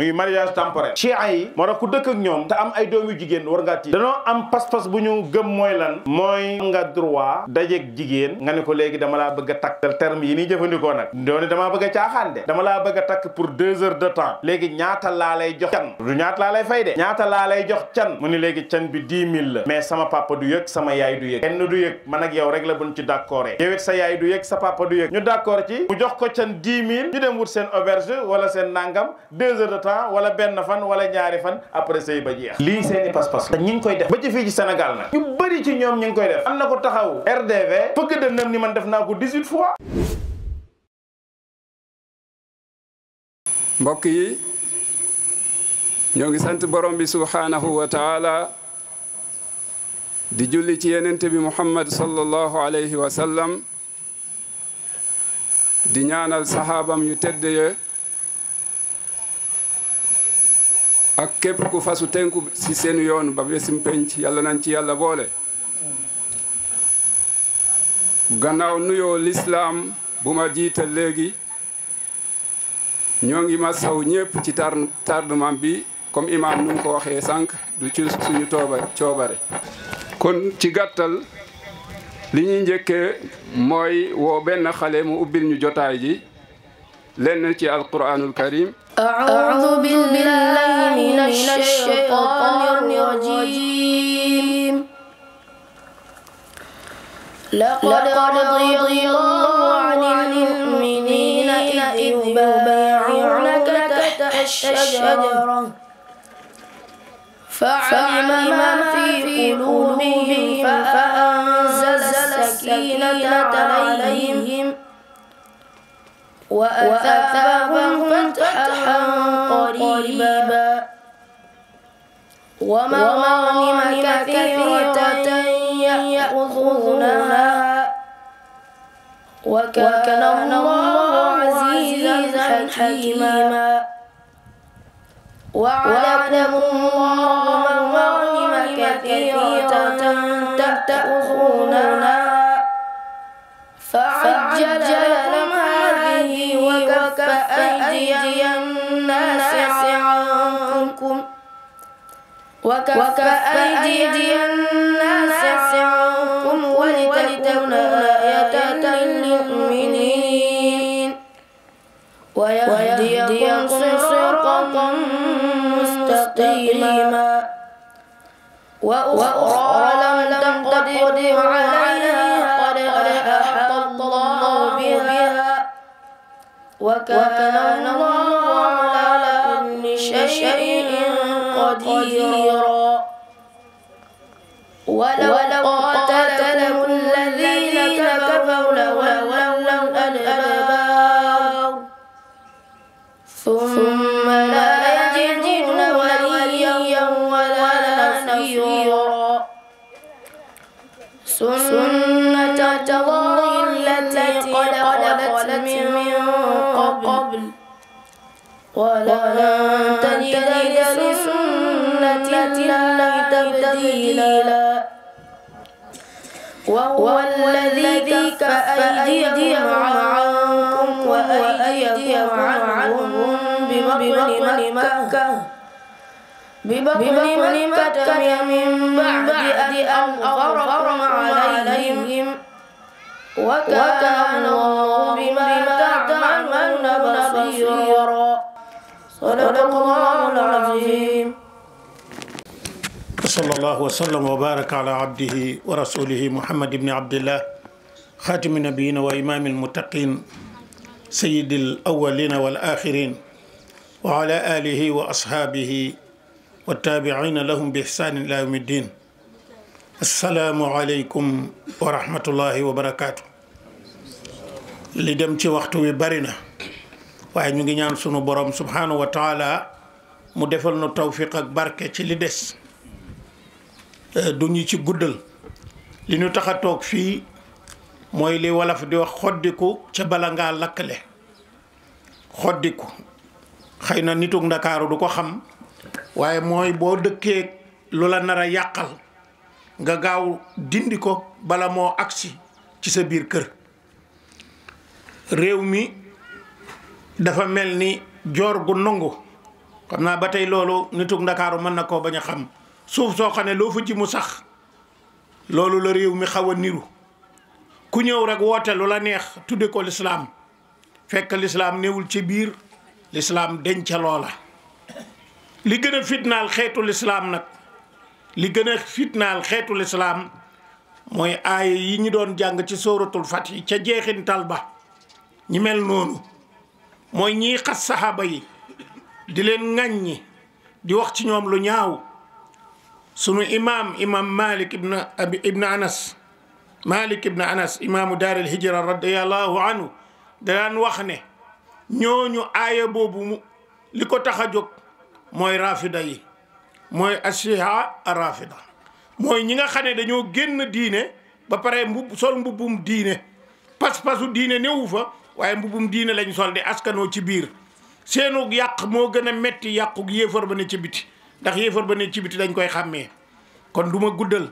muy mariage temporaire chia yi moo tax ku dëkk ak ñoom te am ay doom yu jigéen war ngaa tiit danoo am pas-pas bu ñu gëm mooy lan mooy nga droit dajeeg jigéen nga ne ko léegi dama la bëgg a takk tel terme yi nii jëfandikoo nag doone damaa bëgg a caaxaan de dama laa bëgg a takk pour deux heures de temps léegi ñaata laa lay jox can du ñaata laa lay fay de ñaata laa lay jox can mu ni léegi can bi dix mil la mais sama papa du yëg sama yaay du yëg kenn du yëg man ak la buñ ci d'accord yow it sa sa papa du temps wala benn fan wala ñaari fan après sëy ba jeex lii seen i ñi ngi koy def ba ci fii ci Sénégal nag ñu bëri ci ngi koy def am na ko taxaw RDV fëgg dënnam ni man def naa ko 18 fois yi ñoo ngi sant borom bi subhaanahu wa di julli ci yenente bi muhammad sallallahu alayhi wa di ñaanal sahaabam yu tedd ya ak képp ku fasu tenku ci seen yoon ba besim yàlla nañ ci yàlla boole gannaaw nuyoo lislaam bu ma jiital léegi ñoo ngi ma saw ñëpp ci tar bi comme imaam nu mu ko waxee sànq du ci suñu tooba coobare kon ci gàttal li ñuy njëkkee mooy woo benn xale mu ubbil ñu jotaay ji lenn ci alquranul karim أعوذ بالله من الشيطان الرجيم لقد رضي الله عن المؤمنين إذ يبايعونك تحت الشجرة فعلم ما في قلوبهم فأنزل السكينة عليهم وأثابهم فتحا قريبا ومغانم كثيرة يأخذونها وكان الله عزيزا حكيما وعلمهم الله مغانم كثيرة تأخذونها فعجل هدي الناس عنكم وكف أيدي الناس عنكم ولتكون آية للمؤمنين ويهديكم صراطا مستقيما وأخرى لم تقدر عليها وكان الله على كل شيء قديرا ولو ولن تجد لسنة الله تبديلا وهو الذي كف أيديهم عنكم وأيديهم عنهم بمبني مكة بمبني مكة من بعد أن أغرقنا عليهم وكان الله بما تعملون بصيرا صدق الله العظيم وصلى الله وسلم وبارك على عبده ورسوله محمد بن عبد الله خاتم النبيين وإمام المتقين سيد الأولين والآخرين وعلى آله وأصحابه والتابعين لهم بإحسان إلى يوم الدين السلام عليكم ورحمة الله وبركاته li dem ci waxtu wi bari na waaye ñu ngi ñaan sunu borom subhanahu wa mu defal nu tawfiq ak barke ci li des euh, du ñu ci guddal li ñu tax a toog fii mooy li wolof di wax xoddiku ca bala ngaa lakkale xoddiku xëy na nituk ndakaaru du ko xam waaye mooy boo dëkkee lu la nar a yàqal nga gaaw dindi ko bala moo agsi ci sa biir kër réew mi dafa mel ni joor gu nangu xam naa ba tey loolu nitug ndakaaru mën na koo bañ a xam suuf soo xam ne loo fa ji mu sax loolu la réew mi xaw a niru ku ñëw rekk woote lu la neex tudde ko lislaam fekk lislaam néewul ci biir lislaam dencaloo la li gën a fitnaal xeetu lislaam nag li gën a fitnaal xeetu lislaam mooy aaya yi ñu doon jàng ci sóoratul fat yi ca jeexintal ba ñi mel noonu mooy ñiy xas saxaaba yi di leen ŋàññi di wax ci ñoom lu ñaaw sunu imaam imaam malik ibn abi ibn anas malik ibn anas imaamu daaril hijra radiallahu anhu daan wax ne ñooñu aaya boobu mu li ko tax a jóg mooy rafida yi mooy asiha a rafida mooy ñi nga xane ne dañoo génn diine ba pare mbubb sol mbubbum diine pas-pasu diine newu fa waaye mbubum diine lañ sol di askanoo ci biir seenug yàq moo gën a metti yàquk yéefar ba ne ci biti ndax yéefar ba ne ci biti dañ koy xàmmee kon du ma guddal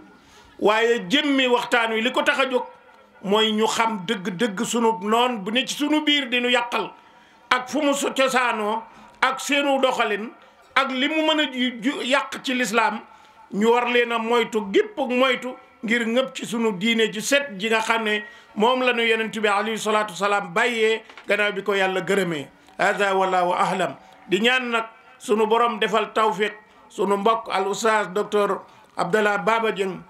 waaye jëmmi waxtaan wi li ko tax a jóg mooy ñu xam dëgg-dëgg sunu noon bu ne ci sunu biir di ñu yàqal ak fu mu cosaanoo ak seenu doxalin ak li mu mën a yàq ci lislaam ñu war leen a moytu gépp moytu ngir ngëpp ci sunu diine ju set ji nga xam ne moom la ñu yonent bi alayhi salaatu salaam bàyyee gannaaw bi ko yàlla gërëmee hada wallahu ahlam di ñaan nag sunu borom defal tawfiq sunu mbokk al oustaz docteur Abdallah Baba Dieng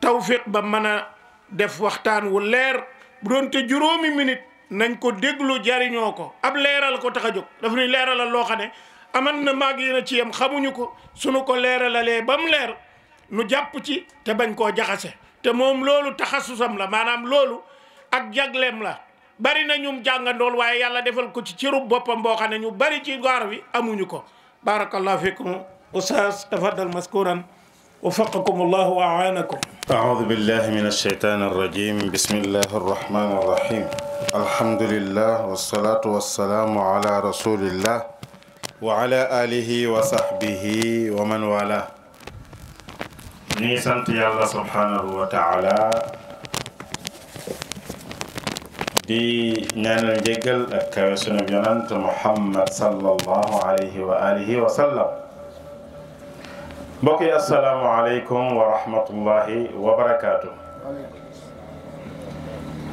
tawfiq ba mën a def waxtaan wu leer bu doon te juróomi minute nañ ko déglu jariñoo ko ab leeral ko tax a jóg daf ñuy leeralal loo xam ne aman na maag yéen ci yam xamuñu ko sunu ko leeralalee ba mu leer nu jàpp ci te bañ koo jaxase te moom loolu taxasusam la maanaam loolu ak jagleem la bari na ñum jàngandool waaye yàlla defal ko ci cërub boppam boo xam ne ñu bari ci gaar wi amuñu ko barakallahu fikum ustaas tafaddal maskuran وفقكم الله وأعانكم أعوذ بالله من الشيطان الرجيم بسم الله الرحمن الرحيم الحمد لله والصلاة والسلام على رسول الله وعلى آله وصحبه ومن والاه ñu ngi sant yàlla subhanahu wa taala di ñaanal jéggal ak kawe sunu yonant muhammad sallallahu alayhi wa alihi wa sallam mbokk yi asalaamu aleykum wa rahmatullahi wa barakaatu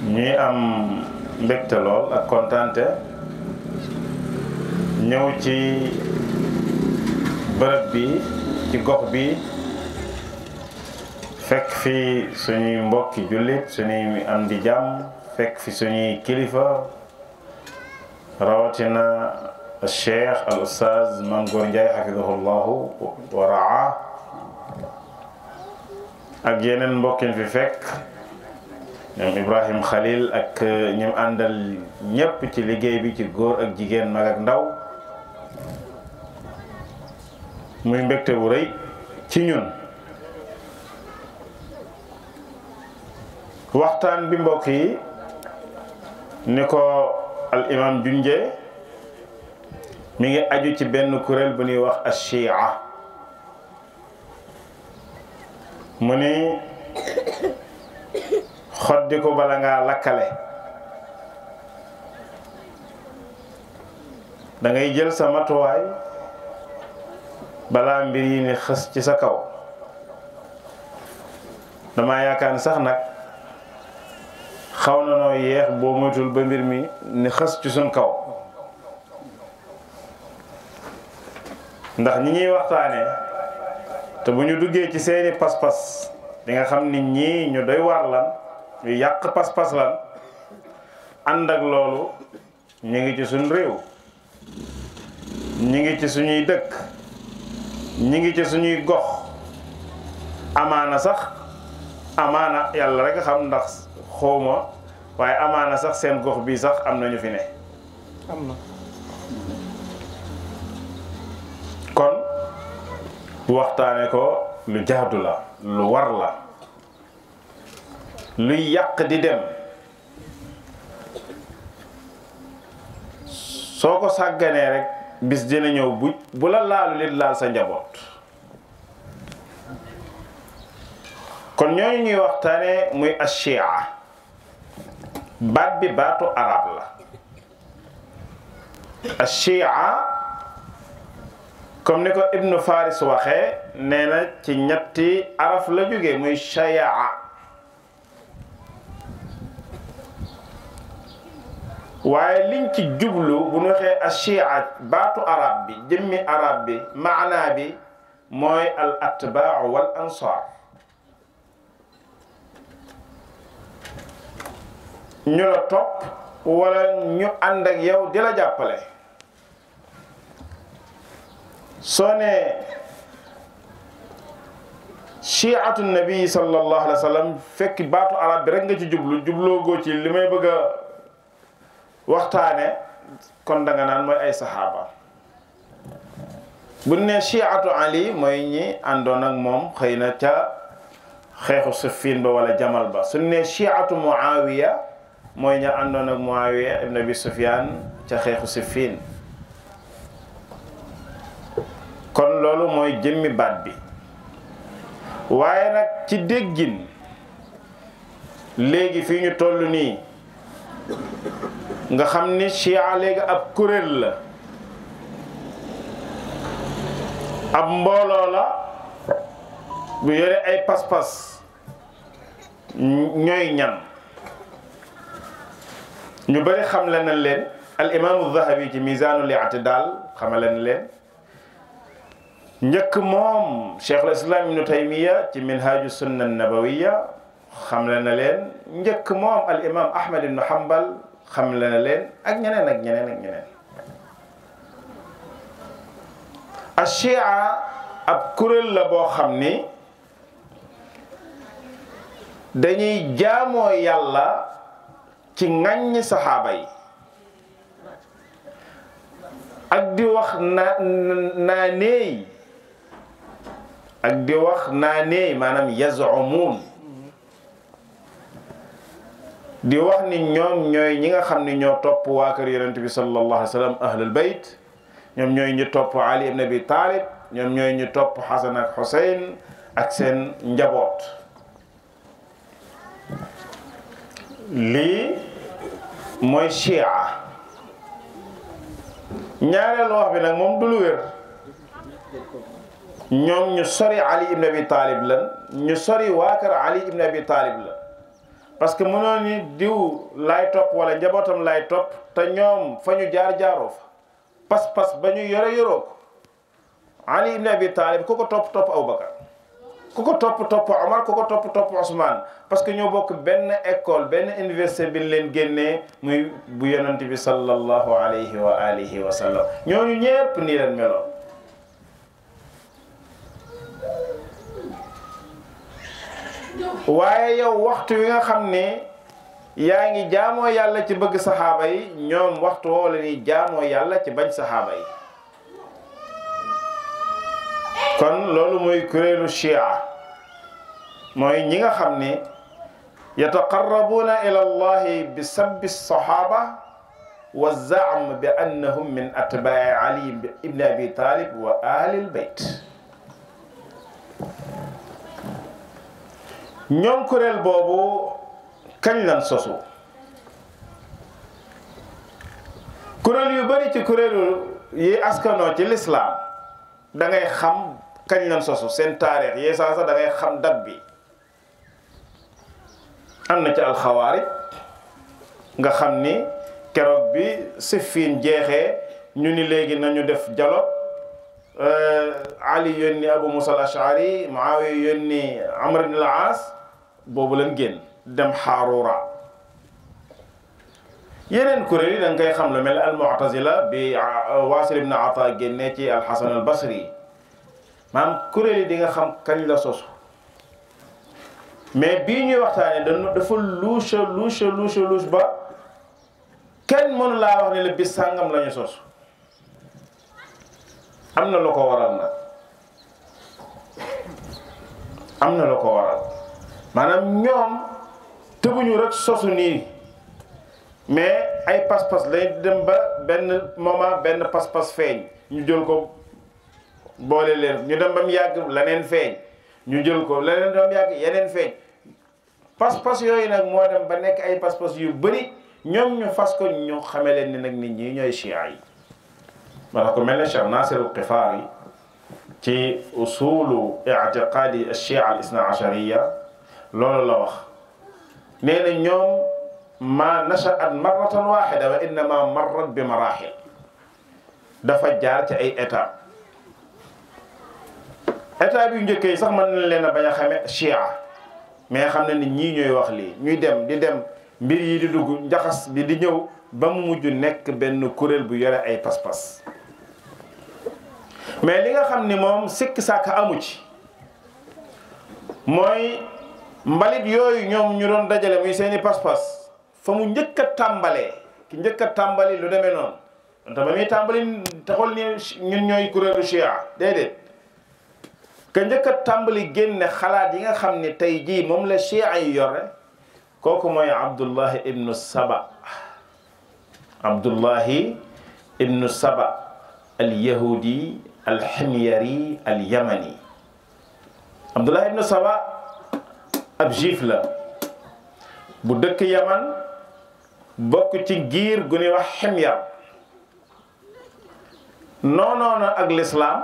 ñuy am mbégte lool ak kontaante ñëw ci bërëb bi ci gox bi fekk fi suñuy mbokki jullit suñuy am di jàmm fekk fi suñuy kilifa rawatina cheikh al ustaz Mangor Ndiaye xafidahullahu wa raa ak yeneen mbokkin fi fekk ñoom Ibrahim Khalil ak ñim àndal ñépp ci liggéey bi ci góor ak jigéen mag ndaw muy mbégte bu ci ñun waxtaan bi mbokk yi ni ko al imam junje mu ngi aju ci benn kuréel bu ñuy wax ashia mu ni xoddi ko bala ngaa lakkale dangay jël sa matuwaay balaa mbir yi ni xës ci sa kaw dama yaakaar sax nag xaw na noo yeex boo moytul ba mbir mi ni xas ci suñ kaw ndax ñi ñuy waxtaanee te bu ñu duggee ci seeni pas-pas di nga xam ni ñii ñu day waar lan ñu yàq pas-pas lan ànd ak loolu ñu ngi ci suñ réew ñu ngi ci suñuy dëkk ñu ngi ci suñuy gox amaana sax amaana yàlla rekk xam ndax xawma waaye amaana sax seen gox bii sax am na ñu fi ne am na kon waxtaane ko lu jaadu la lu war la luy yàq di dem soo ko sàgganee rek bis dina ñëw bu bu la laalu lit laal sa njaboot kon ñooñu ñuy waxtaane muy ashia baat bi baatu arab la ashia comme ni ko ibnu faris waxee nee na ci ñetti araf la jógee muy shayaa waaye liñ ci jublu bu ñu waxee ashia baatu arab bi jëmmi arab bi maanaa bi mooy al atbaa wal ansar ñu la topp wala ñu ànd ak yow di la jàppale soo nee chiatu nabi sallallahu alayhi wa sallam fekk baatu arab bi rek nga ci jublu jubloo goo ci li may bëgg a waxtaane kon danga nga naan mooy ay saxaaba bu ne chiatu ali mooy ñi àndoon ak moom xëy na ca xeexu siffin ba wala jamal ba su ne chiatu muawiya mooy ña àndoon ak am na bi Sufyaan ca xeexu Siffin kon loolu mooy jëmmi baat bi waaye nag ci déggin léegi fii ñu toll nii nga xam ni chia léegi ab kuréel la ab mbooloo la bu yore ay pas-pas ñooy ñan ñu bëri xam la leen al imaamu zahabi ci misaanul i'tidaal xamale na leen njëkk moom cheikhul islam ibnu taymiya ci minhaaju sunna nabawiya xamle na leen njëkk moom al imam ahmad ibnu hambal xamle na leen ak ñeneen ak ñeneen ak ñeneen ashia ab kuréel la boo xam ni dañuy jaamoo yàlla ci ŋàññ saxaaba yi ak di wax naa naa neey ak di wax naa neey maanaam yazumuun di wax ni ñoom ñooy ñi nga xam ne ñoo topp waa kër yonent bi sallallahu alayhi wa sallam ñoom ñooy ñu topp Ali ibn Abi Talib ñoom ñooy ñu topp Xasan ak Xuseyn ak seen njaboot lii mooy chia ñaareelu wax bi nag moom du lu wér ñoom ñu sori Ali ibn Abi Talib lan ñu sori waa kër Ali ibn Abi Talib la parce que mënoon ni diw laay topp wala njabootam laay topp te ñoom fa ñu jaar jaaroo fa pas-pas ba ñu yore yoroo ko Ali ibn bi Talib ku ko topp topp Abubakar ku ko topp topp Omar ku ko topp topp Ousmane parce que ñoo bokk benn école benn université bi leen génnee muy bu yonent bi sallallahu alayhi wa alihi wa sallam ñooñu ñépp waaye yow waxtu wi nga xam ni yaa ngi jaamoo yàlla ci bëgg saxaaba yi ñoom waxtu woo la ni jaamoo yàlla ci bañ saxaaba yi kon loolu mooy kuréelu chia mooy ñi nga xam ni yataqarrabuuna ila allahi bi sabbi sahaba wa zaam bi annahum min atbaai ali ibn abi talib wa ahlil bayt ñoom kuréel boobu kañ lan sosu kuréel yu bari ci kuréelu yi askanoo ci lislaam da ngay xam kañ lan sosu seen taarix yee saa sax xam dat bi am na ci alxawaari nga xam ni keroog bi Siffin jeexee ñu ni léegi nañu def dialogue euh, Ali yónni Abu Musa al-Ash'ari Muawiya yónni Amr ibn al boobu lan génn dem Xaaruura yeneen kuréel yi da nga xam lu mel al-Mu'tazila bi euh, Waasil ibn Ata génnee ci al-Hasan al-Basri maanaam xam kañ la sosu mais bii ñuy waxtaane dañu dafa luusha luusha luusha luus ba kenn mënu laa wax ne la bis sàngam la ñu sos am na lu ko waral nag am na lu ko waral maanaam ñoom tëbuñu rek sosu nii mais ay pas-pas lay dem ba benn moment benn pas-pas feeñ ñu jël ko boole leen ñu dem ba mu yàgg leneen feeñ ñu jël ko leneen ba mu yàgg yeneen feeñ pas-pas yooyu nag moo dem ba nekk ay pas-pas yu bëri ñoom ñu fas ko ñu xame leen ni nag nit ñi ñooy chia yi moo tax mel ne Cheikh Nasir al-Qifaari ci usulu i'tiqaadi al-chia al-isna ashariya loolu la wax nee na ñoom ma nacha'at marratan bi marahil dafa jaar ci ay étape bi yu njëkk yi sax mën na leen a bañ a xame mais xam na ni ñii ñooy wax lii ñuy dem di dem mbir yi di dugg njaxas bi di ñëw ba mu mujj nekk benn kuréel bu yore ay pas-pas mais li nga xam ni moom sikk sàkk amu ci mooy mbalit yooyu ñoom ñu doon dajale muy seeni pas-pas fa mu njëkk a tàmbalee ki njëkk a tàmbali lu demee noonu te ba muy tàmbali taxul ni ñun ñooy kuréelu chia déedéet ka njëkk a tàmbali génne xalaat yi nga xam ne tey jii moom la chia yi yore kooku mooy Abdullahi ibnu Saba Abdullahi ibnu Saba al-yahudi al-ximyari al-yamani Abdullahi ibnu Saba ab juif la bu dëkk Yaman bokk ci giir gu ñuy wax ximyar noonoona ak lislaam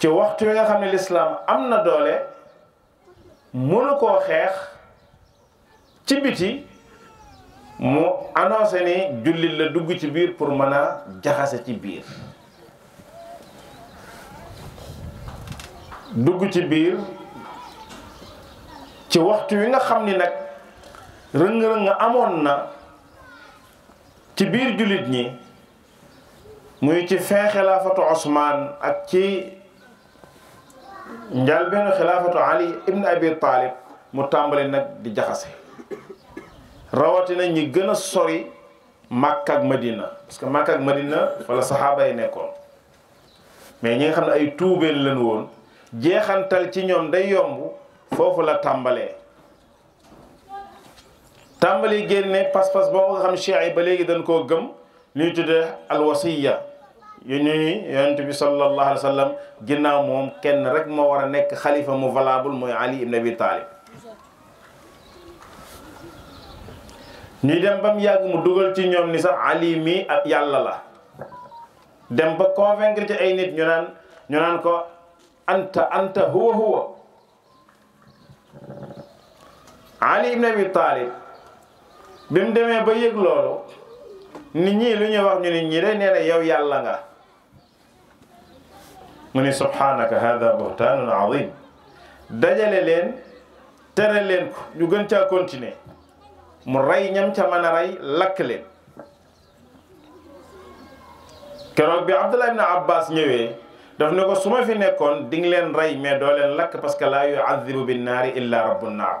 ci waxtu wi nga xam ne lislaam am na doole mënu koo xeex ci biti mu annoncé ni jullit la dugg ci biir pour mën a jaxase ci biir dugg ci biir ci waxtu wi nga xam ni nag rëng-rëng amoon na ci biir jullit ñi muy ci feexelaafatu Usmaan ak ci njalbeenu xilaafatu ali ibn abi taalib mu tàmbali nag di jaxase rawatina ñi gën a sori makk ak madina parce que màkk ak madina wala saxaaba yi nekkoon mais ñi nga xam ne ay tuubeel lañu woon jeexantal ci ñoom day yomb foofu la tàmbalee tàmbali génne pas-pas boo nga xam cheikh yi ba léegi dañ koo gëm li ñu tuddee alwasiya yu ñuy yonent bi sallallahu wa sallam ginnaaw moom kenn rek moo war a nekk xalifa mu valable mooy Ali ibn Abi Talib ñuy dem ba mu yàgg mu dugal ci ñoom ni sax Ali mi ak yàlla la dem ba convaincre ci ay nit ñu naan ñu naan ko anta anta huwa huwa Ali ibn Abi Talib bi mu demee ba yëg loolu nit ñi lu ñuy wax ñu nit ñi de nee na yow yàlla nga mu ni subhanaka hada buhtaanun dajale leen tere leen ko ñu gën caa continuer mu rey ñam ca mën a rey lakk leen keroog bi Abdullah ibn Abbas ñëwee daf ne ko su ma fi nekkoon di nga leen rey mais doo leen lakk parce que la yu'adhibu bin naari illa rabbun naar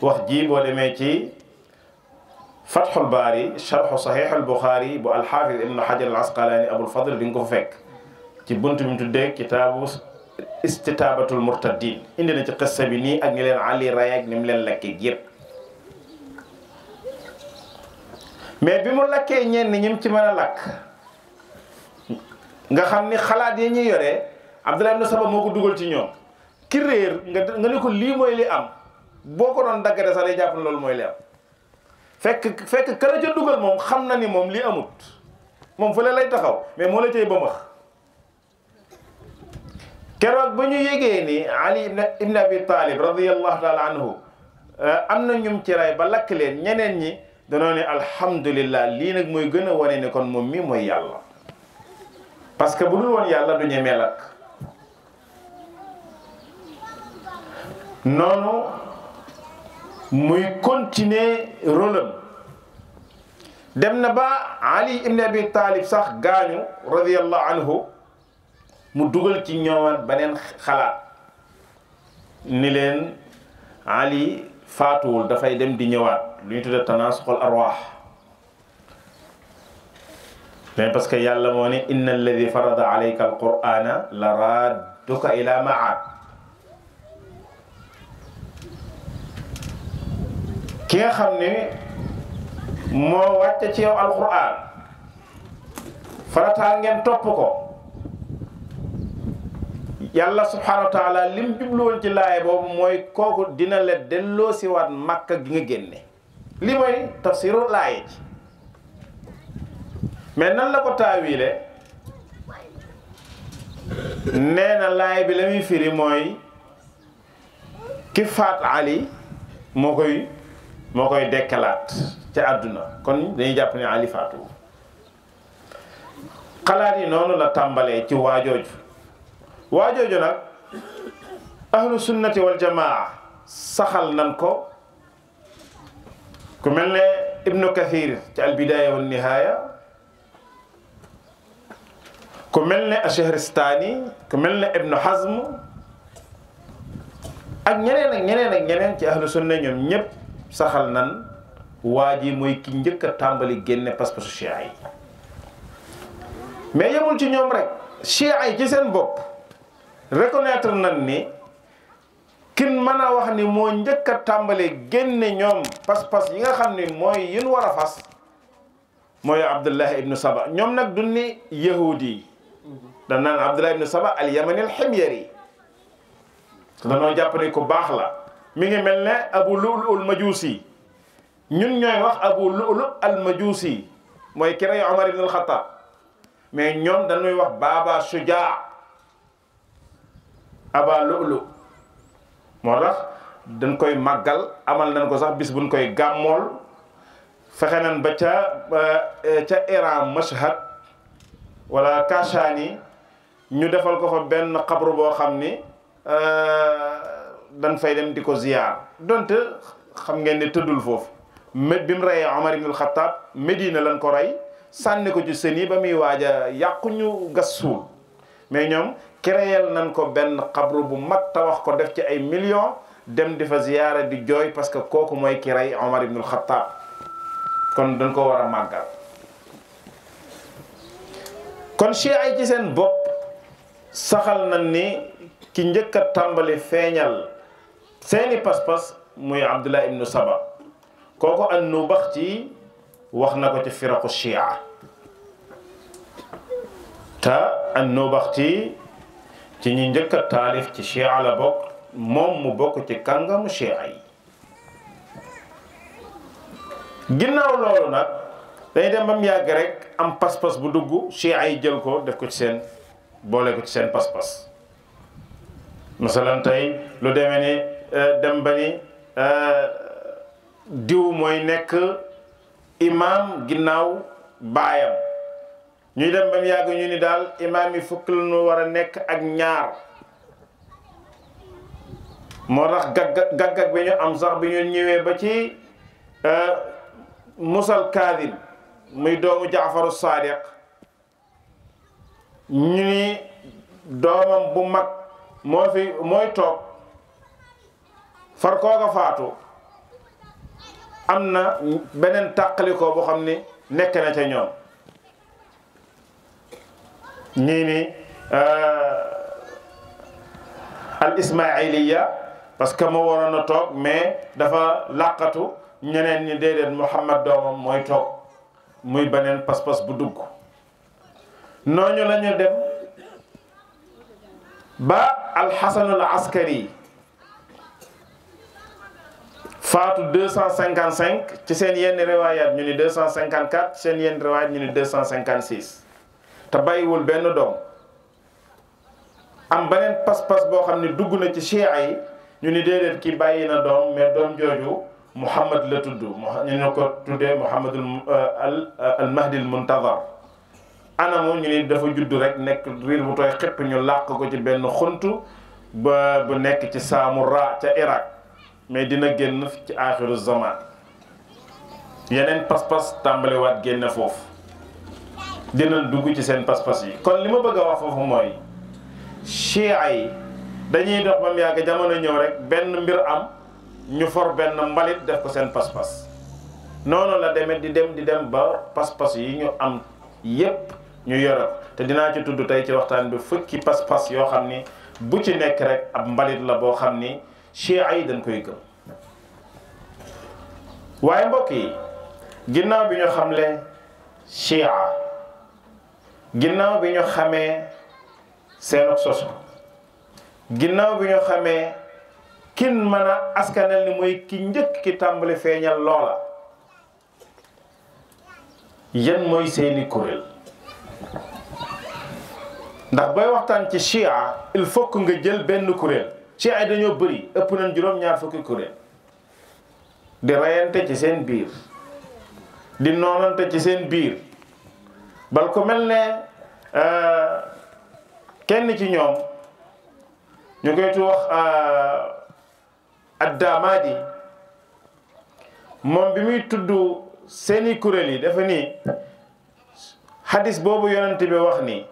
wax ji boo demee ci fathul baari sharhu sahih al bu alxaafis ibnu xajar al asqalaani abul fadl di nga ko fekk ci bunt bi mu tuddee kitaabu istitaabatul murtadin indi na ci xissa bi nii ak ni leen Ali ray ak ni mu leen lakkee yëpp mais bi mu lakkee ni ñenn ñim ci mën a lakk nga xam ni xalaat yi ñuy yoree Abdullah ibn Saba moo ko dugal ci ñoom ki réer nga nga ko lii mooy li am boo ko doon daggate sax day jàpp loolu mooy li am fekk fekk ka la ca dugal moom xam na ni moom lii amut moom fële lay taxaw mais moo la cay bëmax keroog ba ñu yégee ni ali ibn abi talib radiallahu taala anhu eh, am na ñum ci ray ba lakk leen ñeneen ñi danoo ne alhamdulillah lii nag mooy gën a wane ne kon moom mi mooy yàlla parce que bu dul woon yàlla du ñemee lakk noonu muy continuer rôlam dem na ba ali ibn abi talib sax gaañu radiallahu anhu mu dugal ci ñoowaat beneen xalaat ni leen ali faatuwul dafay dem di ñëwaat lu ñu tudde tanaasuxul arwaax mais parce que yàlla moo ne inna alladi farada alayka alqur'ana la raadduka ila maad ki nga xam ne moo wàcce ci yow alqur'an farataa topp ko yàlla subhaanahu wa taala lim jubluwoon ci laay boobu mooy kooku dina la delloo si waat màkka gi nga génne li mooy tafsiru laaye ji mais nan la ko taawiile nee na laay bi la muy firi mooy ki faat Ali moo koy moo koy dekkalaat ca àdduna kon dañuy jàpp ne Ali faatu xalaat yi noonu la tàmbalee ci waajooju waa jooju nag ahlu sunnati wal jamaa saxal nan ko ku mel ne ibnu kathir ci al bidaya nihaya ku mel ne ash-Shahristani ku mel ne ibnu hazm ak ñeneen ak ñeneen ñeneen ci ahlu sunna ñoom ñëpp saxal nan waa ji mooy ki njëkk a tàmbali génne pas-pasu chia yi mais yemul ci ñoom rek chia ay ci seen bopp reconnaître nan ni kin mën a wax ni moo njëkk a tàmbale génne ñoom pas-pas yi nga xam ni mooy yin war a fas mooy Abdullah ibnu Saba ñoom nag du ni yahudi yi da naan Abdullah ibnu Saba al yamani al danoo jàpp ku baax la mi ngi mel ne abu lulu al majuusi ñun ñooy wax abu lulu al majuusi mooy ki rey ibn al mais ñoom dañuy wax baaba sujaa aba loolu moo tax dañ koy màggal amal nañ ko sax bis buñ koy gàmmool fexe nan ba ca eh, ca Iran Mashhad wala Kashani ñu defal ko fa benn xabru boo xam ni eh, dañ fay dem di ko ziyaar donte xam ngeen ne tëddul foofu mét bi mu reyee Omar ibnul Xattaab Medina lañ ko rey sànni ko ci seen yi ba muy waaj a yàqu ñu gas suul mais ñoom créel nañ ko benn xabru bu mag ta wax ko def ci ay millions dem di fa ziyaara di jooy parce que kooku mooy ki rey Omar ibnul kon dañ ko war a màggal kon chia ay ci seen bopp saxal nañ ni ki njëkk a tàmbali feeñal seeni pas-pas muy Abdullah ibnu Saba kooku an nu wax na ko ci firaqu chia te an nu bax ci ñu njëkk a taalif ci chia la bokk moom mu bokk ci kàngamu chia yi ginnaaw loolu nag dañu dem ba mu yàgg rek am pas-pas bu dugg chia yi jël ko def ko ci seen boole ko ci seen pas-pas masalan tey lu deme ni euh, dem ba ni euh, diw mooy nekk imaam ginnaaw baayam ñuy dem ba mu yàgg ñu ni daal imaam yi fukk la ñu war a nekk ak ñaar moo tax gàgg gàgg bi ñu am sax bi ñu ñëwee ba ci euh, musal kaadib muy doomu jaafaru saadiq ñu ni doomam bu mag moo fi mooy toog far kooga faatu am na beneen tàqalikoo boo xam ni nekk na ca ñoom ñii ni euh, al ismailiya parce que moo waroon a toog mais dafa làqatu ñeneen ñi déedéet Muhammad doomam mooy toog muy beneen pas-pas bu dugg nooñu la dem ba alxasanul askari faatu 255 ci seen yenn riwaayaat ñu ni 254 ci seen yenn riwaayaat ñu ni 256 te bàyyiwul benn doom am ba beneen pas-pas boo xam ne dugg na ci chia yi ñu ni déedéet kii bàyyi na doom mais doom jooju Muhammad la tudd ñu ne ko tuddee Muhammadul euh, al euh, mahdil muntazar anamu ñu ni dafa judd rek nekk riir bu tooy xepp ñu làq ko ci benn xunt ba bu nekk ci Samoura ca Irak mais dina génn ci aaxiru zaman yeneen pas-pas tàmbaliwaat génne foofu dina dugg ci seen pas-pas yi kon li ma bëgg wax foofu mooy chia yi dañuy dox ba mu yàgg jamono ñëw rek benn mbir am ñu for benn mbalit def ko seen pas-pas noonu la demee di dem di dem ba pas-pas yi ñu am yépp ñu yore te dinaa ci tudd tey ci waxtaan bi fukki pas-pas yoo xam ni bu ci nekk rek ab mbalit la boo xam ni chia yi dañ koy gëm waaye mbokk yi ginnaaw bi ñu xamle chia ginnaaw bi ñu xamee seenug sosu ginnaaw bi ñu xamee kin mën a askanel ni mooy ki njëkk ki tàmbali feeñal loola yan mooy seeni kuréel ndax booy waxtaan ci chia il faut nga jël benn kuréel chia yi dañoo bëri ëpp nañ juróom-ñaar fukki kuréel di reyante ci seen biir di noonante ci seen biir bal ku mel ne euh, kenn ci ñoom ñu koy tu wax euh, addaamaadi moom bi muy tudd seeni kuréel yi dafa nii hadis boobu yonent bi wax nii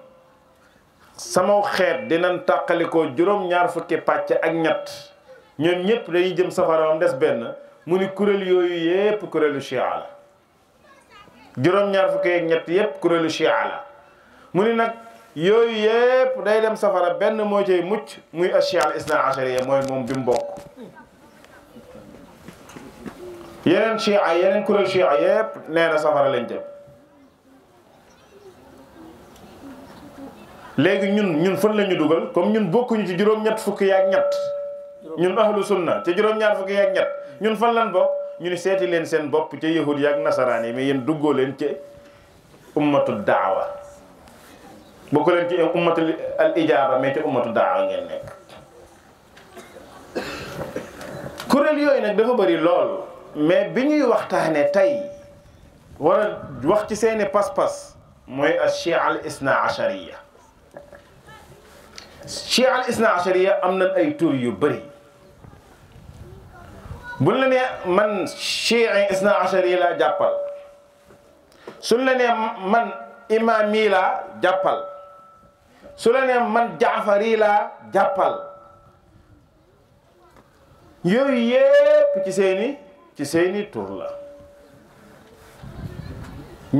sama xeet dinañ tàqalikoo juróom-ñaar fukki pàcc ak ñett ñoom ñëpp dañuy jëm safara des benn mu ni kuréel yooyu yépp kuréelu Shia juróom-ñaar fukki ak ñett yépp kuréelu chia la mu ni nag yooyu yépp day dem safara benn moo cay mucc muy ashia al isna achariya mooy moom bi mu bokk yeneen chia yeneen kuréel chia yépp nee na safara lañ dem léegi ñun ñun fan la ñu dugal comme ñun bokkuñu ci juróom-ñett fukki yaak ñett ñun ahlu sunna ci juróom-ñaar fukki yaak ñett ñun fan lan bokk ñu ne seeti leen seen bopp ca yahud yi ak nasaraan yi mais yéen duggoo leen ce ummatu daawa bokk leen ci ummatu al ijaaba mais ci ummatu daawa ngeen nekk kuréel yooyu nag dafa bëri lool mais bi ñuy waxtaane tey war a wax ci seeni pas-pas mooy al chia al isna achariya chia al am nañ ay tur yu bari bu la nee man chii isna achar yi la jàppal su la man imaam yi laa jàppal su la man jaafar la laa jàppal yooyu yépp ci seeni tur la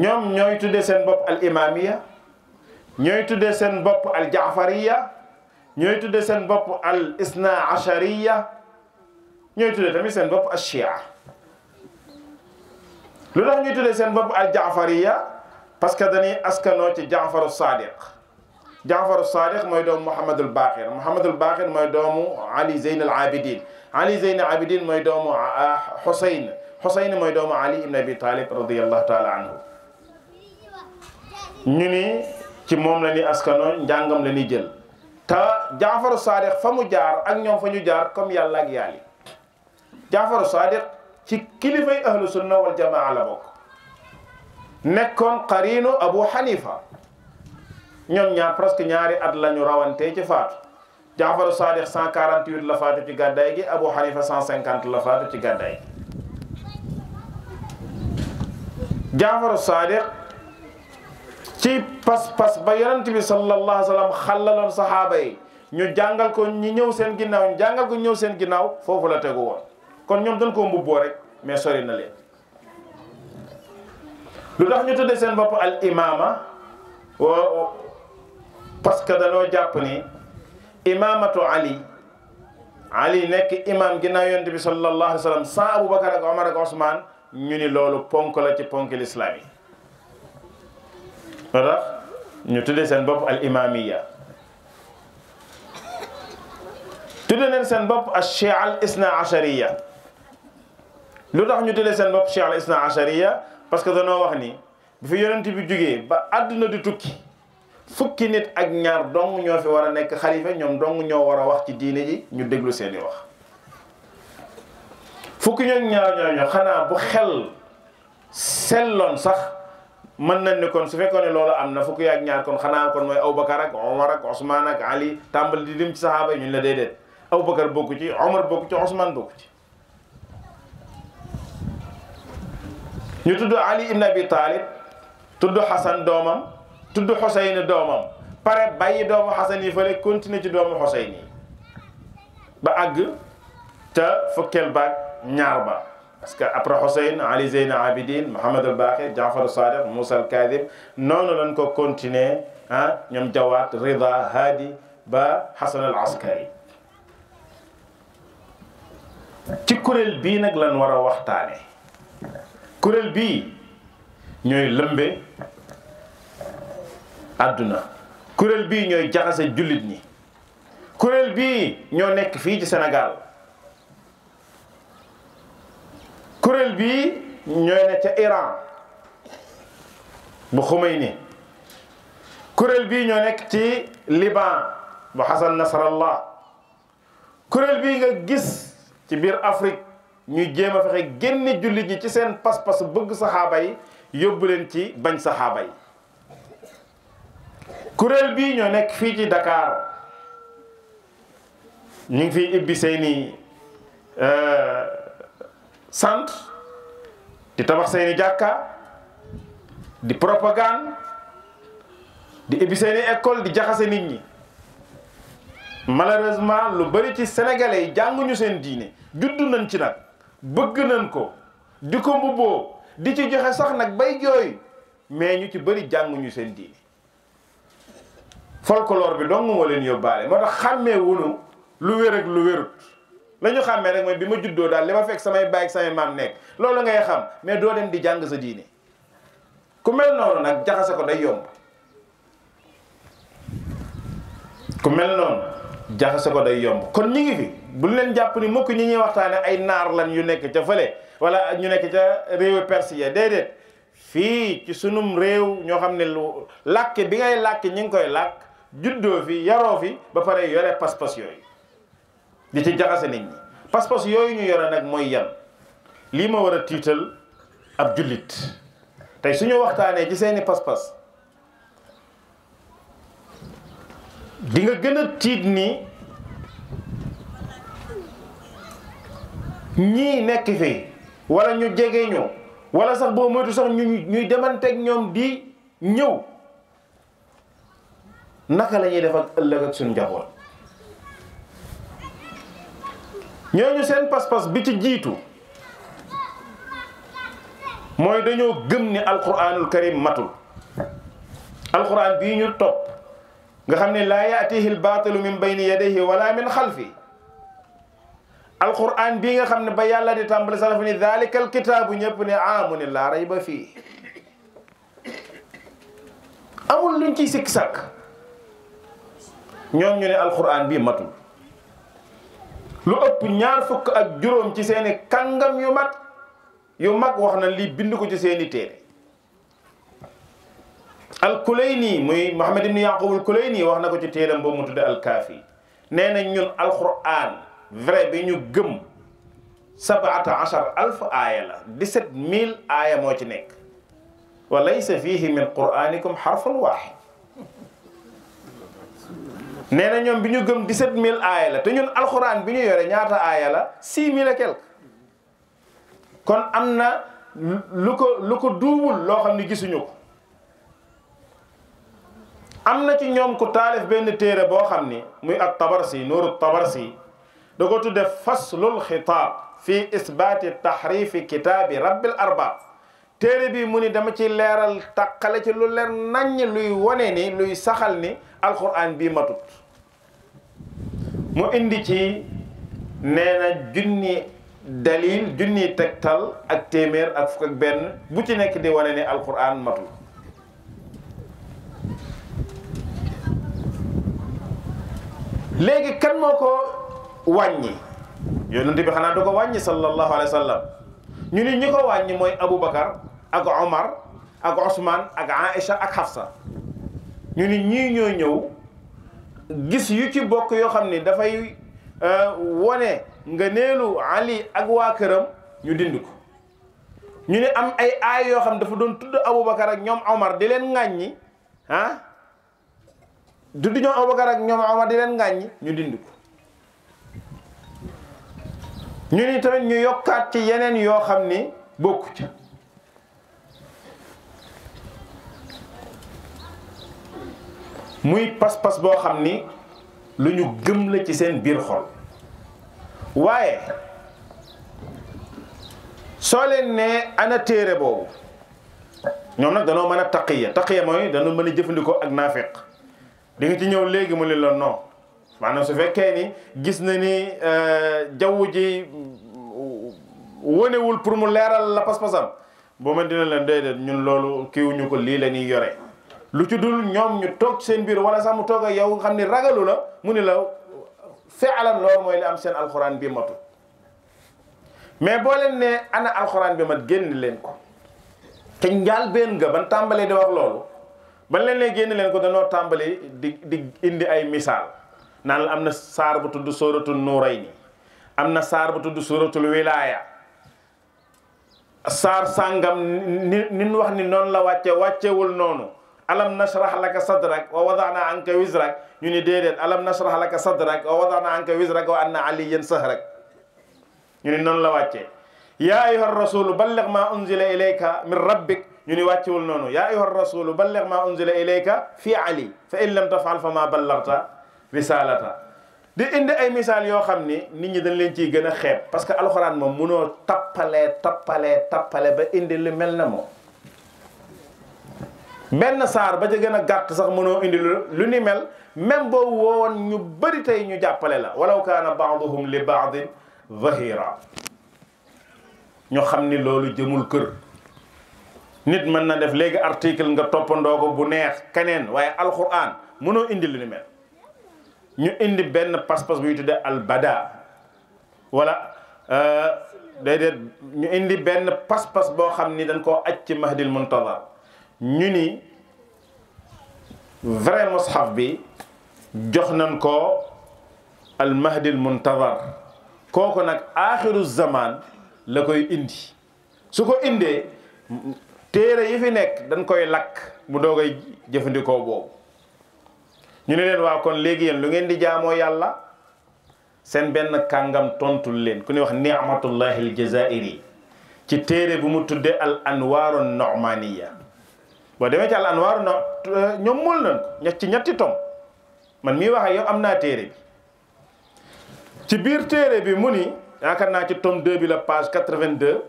ñoom ñooy tuddee seen bopp al imaamiya ñooy tuddee seen bopp al jaafariya ñooy tuddee seen bopp al isna achariya ñu tuddee tamit seen bopp ashia lu tax ñu tuddee seen bopp al jaafariya parce que dañuy askanoo ci jaafaru sadiq jaafaru sadiq mooy doomu Mouhamadul Baqir Mouhamadul Baqir mooy doomu Ali Zeyn al Abidin Ali Zeyn al Abidin mooy doomu Xusayn ah, ah, Xusayn mooy doomu Ali ibn Abi Talib radiyallahu taala anhu ñu ni ci moom la ñuy askanoo njàngam la ñuy jël te jaafaru sadiq fa mu jaar ak ñoom fa ñu jaar comme yàlla ak yàlli Jaafaru Saadiq ci kilifay ahlu sunna wal jamaa la bokk nekkoon xariinu Abu Hanifa ñoom ñaar presque ñaari at lañu ñu rawante ci faatu Jaafaru Saadiq 148 la ci gàddaay gi Abu Hanifa 150 la faatu ci gàddaay gi Jaafaru Saadiq ci pas-pas ba yonent bi sallallahu alayhi wa sallam xallaloon saxaaba yi ñu jàngal ko ñu ñëw seen ginnaaw ñu jàngal ko ñëw seen ginnaaw foofu la tegu woon kon ñoom dañ koo mbubboo rek mais sori na leen lu tax ñu tuddee seen bopp al imaama wa parce que dañoo jàpp ni imaamatu ali ali nekk imam ginnaaw yonent bi sallallahu alayhi wa sallam sans aboubacar ñu ni loolu ponk la ci ponk lislaam yi lu tax ñu tuddee seen bopp al imamiya tuddee leen seen bopp al chia al isna achariya lu tax ñu tuddee seen bopp Cheikh al Isna Achariya parce que danoo wax ni bi fi yonent bi jugee ba àdduna di tukki fukki nit ak ñaar dong ñoo fi war a nekk xalifa ñoom dong ñoo war a wax ci diine ji ñu déglu seeni wax fukki ñoom ñaar ñooñu xanaa bu xel selloon sax mën na ne kon su fekkoon ne loolu am na fukki ak ñaar kon xanaa kon mooy Aboubacar ak Omar ak Ousmane Ali tàmbali di lim saxaaba yi ñu la déedéet Aboubacar bokku ci Omar bokku ci Ousmane ci ñu tudd Ali ibn Abi Talib tudd Xasan doomam tudd Xuseyn doomam pare bàyyi doomu Xasan yi fële continuer ci doomu Xuseyn yi ba àgg ca fukkeel ba ñaar ba parce que après Xuseyn Ali Zeyn Abidin Mohamed al Baqir Jaafar Sadiq Moussa al Kadib noonu lañ ko continuer ah ñoom Jawaat Rida Hadi ba Xasan al Askari ci kuréel bii nag lan war a waxtaane kuréel bi ñooy lëmbe àdduna kuréel bii ñooy jaxase jullit ñi kuréel bi ñoo nekk fii ci Sénégal kuréel bii ñooy ne ca Iran bu Khomeini kuréel bii ñoo nekk ci Liban bu Hassan Nasrallah kuréel bi nga gis ci biir Afrique ñu jéem a fexe génne jullit ñi ci seen pas-pas bëgg saxaaba yi yóbbu leen ci bañ saxaaba yi kuréel bii ñoo nekk fii ci dakaar ñu ngi fiy ibbi seeni sant euh, di tabax seeni jàkka di propagande di ibbi seeni école di jaxase nit ñi malheureusement lu bari ci sénégalais yi jànguñu seen diine juddu nañ ci nag bëgg nañ ko di ko mbubboo di ci joxe sax nag bay jooy mais ñu ci bëri jànguñu seen diine folklore bi dong moo leen yóbbaale moo tax xàmmee wunu lu wér ak lu wérut la ñu xàmmee rek mooy bi ma juddoo daal li ma fekk samay baay ak samay maam nekk loolu ngay xam mais doo dem di jàng sa diine ku mel noonu nag jaxase ko day yomb ku mel noonu jaxase ko day yomb kon ñi ngi fi bu leen jàpp ni mukk ñi ñuy waxtaanee ay naar lan yu nekk ca fële wala ñu nekk ca réew perse ya déedéet fii ci sunum réew ñoo xam ne lu làkk bi ngay làkk ñi ngi koy làkk juddoo fi yaroo fi ba pare yore pas-pas yooyu li ci jaxase nit ñi pas-pas yooyu ñu yore nag mooy yan lii ma war a tiital ab jullit tey suñu waxtaanee ci seeni pas-pas di nga gën a tiit nii ñii nekk fii walla ñu jege ñoo wala sax boo moytu sax ñu ñuy demanteeg ñoom di ñëw naka la ñuy def ak ëllëg ak suñu njaboot ñooñu seen pas-pas bi ci jiitu mooy dañoo gëm ni alquranul karim matul alquran bii ñu topp nga xam ne laa yaatihi albaatilu min bayni yadayhi wala min xalfi alquran bii nga xam ne ba yàlla di tàmbali salaf ni dalikal kitaabu ñëpp ne ah mu laa rayba fii amul luñ ciy sikki sàkk ñoom ñu ne alquran bi matul lu ëpp ñaar fukk ak juróom ci seeni kàngam yu mat yu mag wax na lii bind ko ci seeni téere alkulayni muy Muhammad ibn Yaqub alkulayni wax na ko ci téeram boobu mu tudde alkaafi nee na ñun alquran vrai bi ñu gëm sabaata achar alf aaya la dix mil mille moo ci nekk wa laysa fiihi min quranikum xarfun waaxid nee na ñoom bi ñu gëm dix-sept mille aaya la te ñun alxuraan bi ñu yore ñaata aaya la six mille et kon am na lu ko lu ko duubul loo xam ne gisuñu ko am na ci ñoom ku taalif benn téere boo xam ni muy at tabarsi nuuru da ko tudde faslul xitaab fi isbaati taxriifi kitaabi rabbil arbaab téere bi mu ni dama ci leeral taqale ci lu leer naññ luy wone ni luy saxal ni alquran bi matut mu indi ci nee na junni dalil junni tegtal ak téeméer ak fukk ak benn bu ci nekk di wane ni alquran matul léegi kan moo ko wàññi yonent bi xanaa du ko wàññi sallallahu alayhi wa sallam ñu ni ñi ko wàññi mooy Aboubacar ak Omar ak Ousmane ak Aïcha ak Hafsa ñu ni ñii ñoo ñëw gis yu ci bokk yoo xam ni dafay euh, wone nga neelu Ali ak waa këram ñu dind ko ñu ni am ay aay yoo xam dafa doon tudd Aboubacar ak ñoom Omar di leen ŋàññi ah tudd ñoom Aboubacar ak ñoom Omar di leen ŋàññi ñu dind ko ñu ni tamit ñu yokkaat ci yeneen yoo xam ni bokk ci muy pas-pas boo xam ni lu ñu gëm la ci seen biir xol waaye soo leen nee ana téere boobu ñoom nag danoo mën a taqiya taqiya mooy danoo mën a jëfandikoo ak naafeq di ci ñëw léegi mu ne la non maanaam su fekkee ni gis na ni euh, jaww ji wonewul pour mu leeral la pas-pasam boo ma dina leen déedéet ñun loolu kiiwuñu ko lii la ñuy yore lu ci dul ñoom ñu toog seen biir wala sax mu toog ak yow nga xam ni ragalu la mu ni la fi'lan loolu mooy li am seen alxuraan bi matu mais boo leen ne ana alxuraan bi mat génn leen ko te njaal benn nga ban tàmbalee di wax loolu ban leen ne génn leen ko danoo tàmbali di di indi ay misaal naan la am na saar bu tudd sóoratul nuurayni am na saar bu tudd sóoratul wilaaya saar sàngam ni nin wax ni noonu la wàcce wàccewul noonu alam nashrah laka sadrak wa wadana anka wizrak ñu ni déedéet alam nashrah laka sadrak wa wadana anka wizrak wa anna aliyan sahrak ñu ni noonu la wàcce yaa ayuha rasulu balligh ma unzila ilayka min rabbik ñu ni wàccewul noonu yaa ayuha rasulu balligh ma unzila ilayka fi ali fa in lam tafal fa ma ballaghta risaalata di indi ay misaal yoo xam ni nit ñi dañ leen ciy gën a xeeb parce que alxuraan moom mënoo tappalee tappalee tappale ba indi lu mel na moom benn saar ba ca gën a gàtt sax mënoo indi lu ni mel même boo woowoon ñu bari tey ñu jàppale la walaw kaana baaduhum li baadin zahira ñu xam ni loolu jëmul kër nit mën na def léegi article nga toppandoo ko bu neex keneen waaye alxuraan mënoo indi lu ni mel ñu indi benn pas-pas bu ñu tuddee albada wala euh, déedéet ñu indi benn pas-pas boo xam ni dañ koo aj ci mahdil muntazar ñu ni vrai mushaf bi jox nañ ko al mahdil muntazar kooku nag aaxiru zaman la koy indi su ko indee téere yi fi nekk dañ koy lakk mu doogay jëfandikoo boobu ñu ne leen waaw kon léegi yéen lu ngeen di jaamoo yàlla seen benn kàngam tontul leen ku ñuy wax ni'matullahi aljazairi ci téere bu mu tuddee al anwaaru nomaniya boo demee ci al anwaaru no ñoom mul nañ ko ñet ñetti tom man mii wax am naa téere bi ci biir téere bi mu ni yaakaar naa ci tom 2 bi la page 82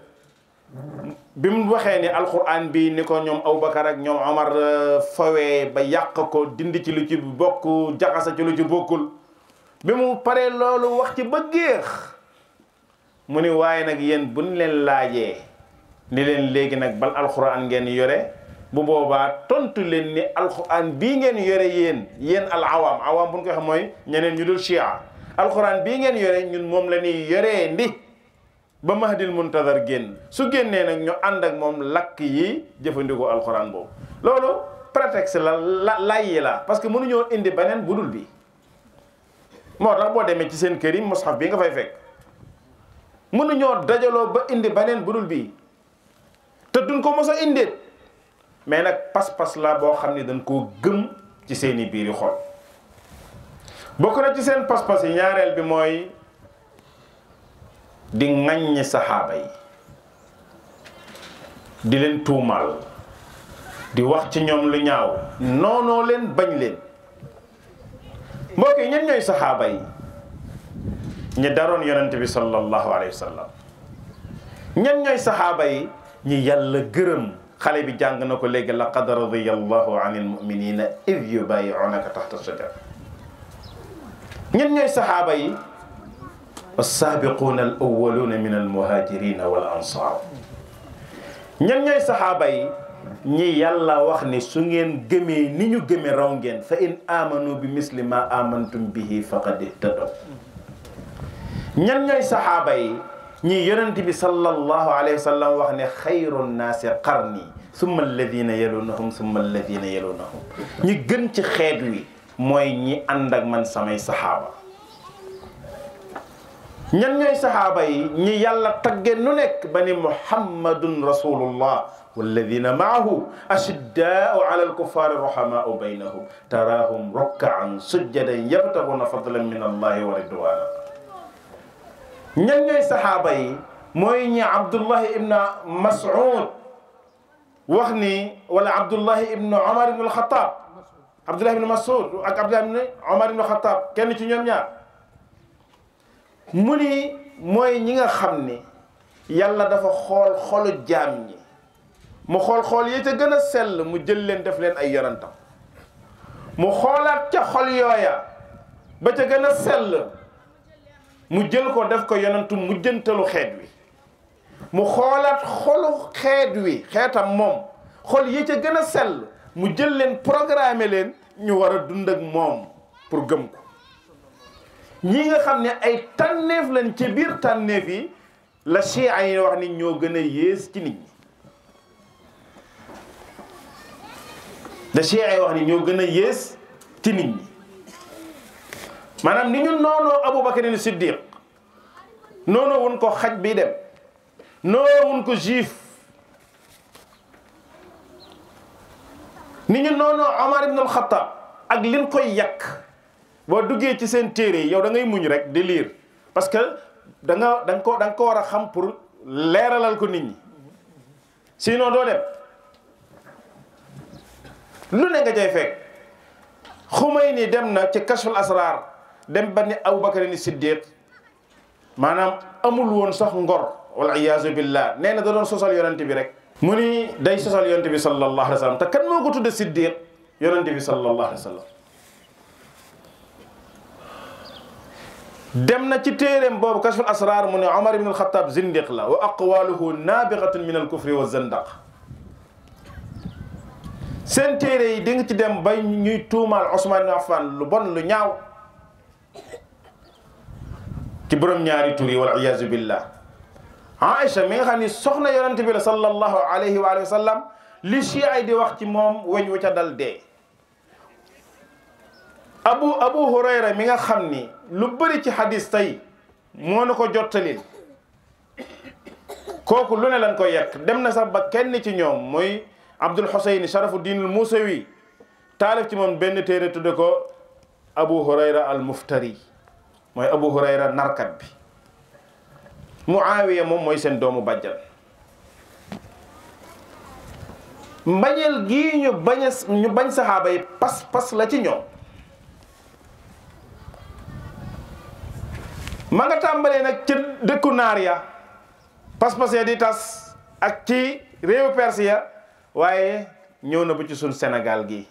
bi mu waxee ni alquran bi ni ko ñoom Aboubacar ak ñoom Omar euh, fawee ba yàq ko dind ci lu ci bokk jaxasa ci lu ci bokkul bi mu paree loolu wax ci ba géex mu ni waaye nag yéen buñ leen laajee ni leen léegi nag bal alxuraan ngeen yore bu boobaa tontu leen ni alquran bii ngeen yore yéen yéen al awam awam buñ ko xam mooy ñeneen ñu dul chia alquran bii ngeen yore ñun moom la ñuy yoree ndi ba mahdil muntazar génn su génnee nag ñu ànd ak moom lakk yi jëfandikoo alxuraan boobu loolu prétexte la la lay la parce que mënuñoo indi beneen budul bi moo tax boo demee ci seen kër yi mushaf bi nga fay fekk mënuñoo dajaloo ba indi beneen budul bi te duñ ko mos a indéet mais nag pas-pas la boo xam ne dañ koo gëm ci seeni biiri xol bokk na ci seen pas-pas yi ñaareel bi mooy di ñi saxaaba yi di leen tuumaal di wax ci ñoom lu ñaaw noonoo leen bañ leen mbokk yi ñen ñooy saxaaba yi ñi daroon yonente bi sallallahu alayhi wa sallam ñen ñooy saxaaba yi ñi yàlla gërëm xale bi jàng na ko léegi laqad radiyallahu anil muminina id yubayi'unaka taxta shajar ñen ñooy saxaaba yi assaabiquuna al awwaluuna min al muhaajirina wal ansaar ñan ñooy saxaaba yi ñi yàlla wax ni su ngeen gëmee ni ñu gëmee raw ngeen fa in amanu bi misli ma amantum bihi faqad ihtadaw ñan ñooy saxaaba yi ñi yonent bi sallallahu alayhi wa sallam wax ne xayru nnaasi qarni summa alladina yalunahum summa alladina yalunahum ñi gën ci xeet wi mooy ñi ànd ak man samay saxaaba ñan ñooy saxaaba yi ñi yàlla tagge nu nekk ba ni muhammadun rasulullah walladina maahu ashiddaau ala alkuffari rahamaau baynahum tarahum rokkaan sujjadan yabtaguna fadlan min allahi wa ridwana ñan ñooy saxaaba yi mooy ñi abdullahi ibn mas'ud wax ni wala abdullahi ibn omar ibn alxatab abdullahi ibn mas'ud ak abdullahi ibn omar ibn alxatab kenn ci ñoom ñaar mu ni mooy ñi nga xam ni yàlla dafa xool xolu jaam ñi mu xool xool yi ca gën a sell mu jël leen def leen ay yonantam mu xoolaat ca xol yooya ba ca gën a sell mu jël ko def ko yonantu mujjantalu xeet wi mu xoolaat xolu xeet wi xeetam moom xol yi ca gën a sell mu jël leen programmer leen ñu war a dund ak moom pour gëm ko ñi nga xam ne ay tànneef lañ ci biir tànneef yi la chia yi wax ni ñoo gën a yées ci nit ñi la chia yi wax ni ñoo gën a yées ci nit ñi maanaam ni ñu noonoo Aboubacar Siddiq noonoo wuñ ko xaj bi dem noonoo wuñ ko juif ni ñu noonoo Omar ibn al ak liñ koy yàq boo duggee ci seen téere yi yow da ngay muñ rek di liir parce que da nga da nga ko ko war a xam pour leeralal ko nit ñi sinon doo dem lu ne nga cay fekk nii dem na ci kashful asrar dem ba ni Abubakar ni Siddiq maanaam amul woon sax ngor wal iyaazu billah nee na da doon sosal yonent bi rek mu ni day sosal yonent bi sallallahu alayhi wa sallam te kan moo ko tudde Siddiq yonent bi sallallahu alayhi dem na ci téeréem boobu kashful asrar mu ne Omar ibn al-Khattab zindiq la wa aqwaluhu nabighatun min al wa zandaq seen téere yi di ci dem bay ñuy tuumaal Ousmane Affan lu bon lu ñaaw ci borom ñaari tur yi wal iyaazu billah Aïcha mi nga xam ni soxna sallallahu alayhi wa sallam li chi ay di wax ci moom weñ wu ca dal abu abu hurayra mi nga xam ni lu bari ci hadis tey moo na ko jottalil kooku lu ne lan ko yekk dem na sax ba kenn ci ñoom mooy abdul husayn sharafu diinul musawi taalif ci moom benn téere tudde ko abu hurayra al muftari mooy abu hurayra narkat bi mu muawiya moom mooy seen doomu bàjjan mbañeel gii ñu bañ ñu bañ saxaaba yi pas pas la ci ñoom ma nga tàmbalee nag ca dëkku naar ya pas-pasee di tas ak ci réew perse ya waaye ñëw na ba ci sun Sénégal gi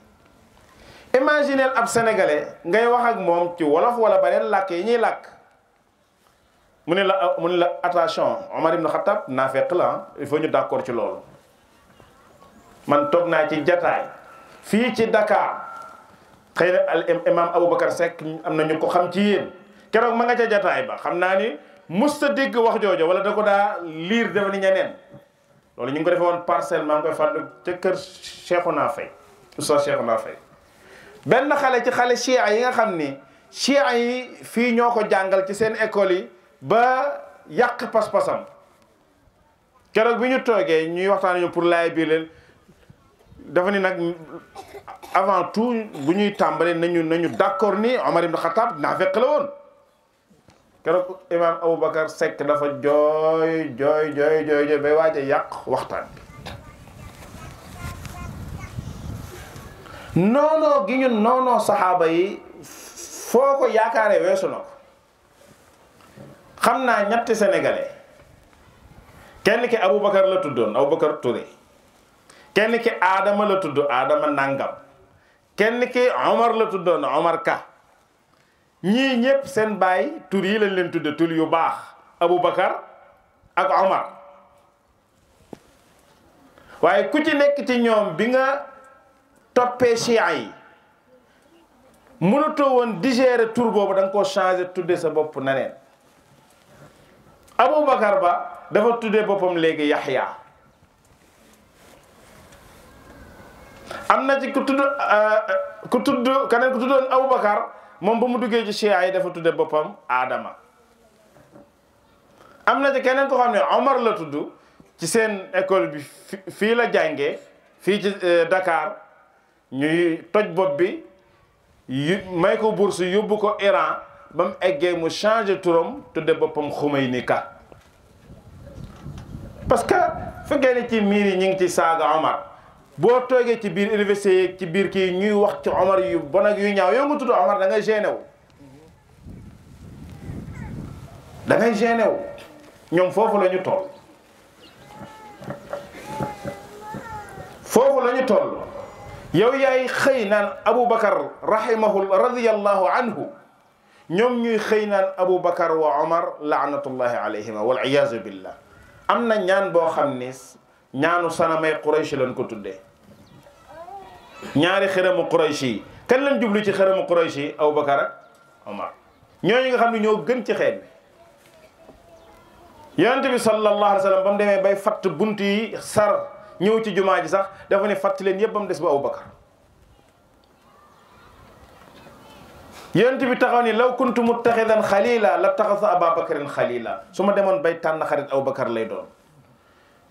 imagineel ab sénégalais ngay wax ak moom ci wolof wala beneen làkk yi ñuy làkk mu ne la mu ne la attention Omar ibn naa fekk la il faut ñu d'accord ci loolu man toog naa ci jataay fii ci Dakar xëy na al imam Aboubacar Seck am na ñu ko xam ci yéen keroog ma nga ca jataay ba xam naa ni musta dégg wax joojo wala da ko daa liir dafa ni ñeneen loolu ñu ngi ko defee woon parcelle maa ngi koy fàttali ca kër Cheikhouna Faye oustaz Cheikhouna Faye benn xale ci xale chia yi nga xam ni chia yi fii ñoo ko jàngal ci seen école yi ba yàq pas-pasam keroog bi ñu toogee ñuy waxtaan ñu pour laay bii leen dafa ni nag avant tout bu ñuy tàmbalee nañu nañu d'accord ni Omar ibn Khattab naa fekk la woon keroog imaam Aboubacar Seck dafa jooy jooy jooy jooy jooy bay a yàq waxtaan bi noonoo gi ñu noonoo saxaaba yi foo ko yaakaare weesu na ko xam naa ñetti sénégalais kenn ki Aboubacar la tuddoon Aboubacar Touré kenn ki Adama la tudd Adama Nangam kenn ki Omar la tuddoon Omar Ka ñii ñëpp seen baay tur yi lañ leen tudde tur yu baax abu Aboubacar ak Omar waaye ku ci nekk ci ñoom bi nga toppee chia yi mënatoo woon digérer tur boobu da nga koo changé tudde sa bopp naneen Aboubacar ba dafa tudde boppam léegi Yaxya am na ci ku tudd euh, ku tudd keneen ku tuddoon Aboubacar moom ba mu duggee ci chia yi dafa tudde boppam aadama am na ci keneen ko xam ne Omar la tudd ci seen école bi fii la jànge fii ci euh, dakaar ñuy toj bopp bi may ko bourse yóbbu ko Iran ba mu eggee mu changé turam tudde boppam Khomeini Ka parce que fekkee ni ci miir yi ñu ngi ci saaga Omar boo toogee ci biir université yeeg ci biir ki ñuy wax ci Omar yu bon ak yu ñaaw yow nga tudd Omar da ngay gêné wu wu ñoom foofu la ñu foofu lañu ñu yow yaay xëy naan Aboubacar rahimahu radiyallahu anhu ñoom ñuy xëy naan Aboubacar wa Omar laanatullahi alayhima wal iyaazu am na ñaan boo xam ni ñaanu sanamay Quraysh lañ ko tuddee ñaari xërëmu Quraysh yi kenn lañ jublu ci xërëmu Quraysh yi Abubakar ak Omar ñooñu nga xam ne ñoo gën ci xeet bi yonente bi sallallahu alayhi wa ba mu demee bay fatt bunt yi sar ñëw ci jumaa ji sax dafa ne fatt leen yëpp ba mu des bu Abubakar yonent bi taxaw ni law kuntu muttaxidan xalila la taxasa Ababakarin xalila su ma demoon bay tànn xarit bakar lay doon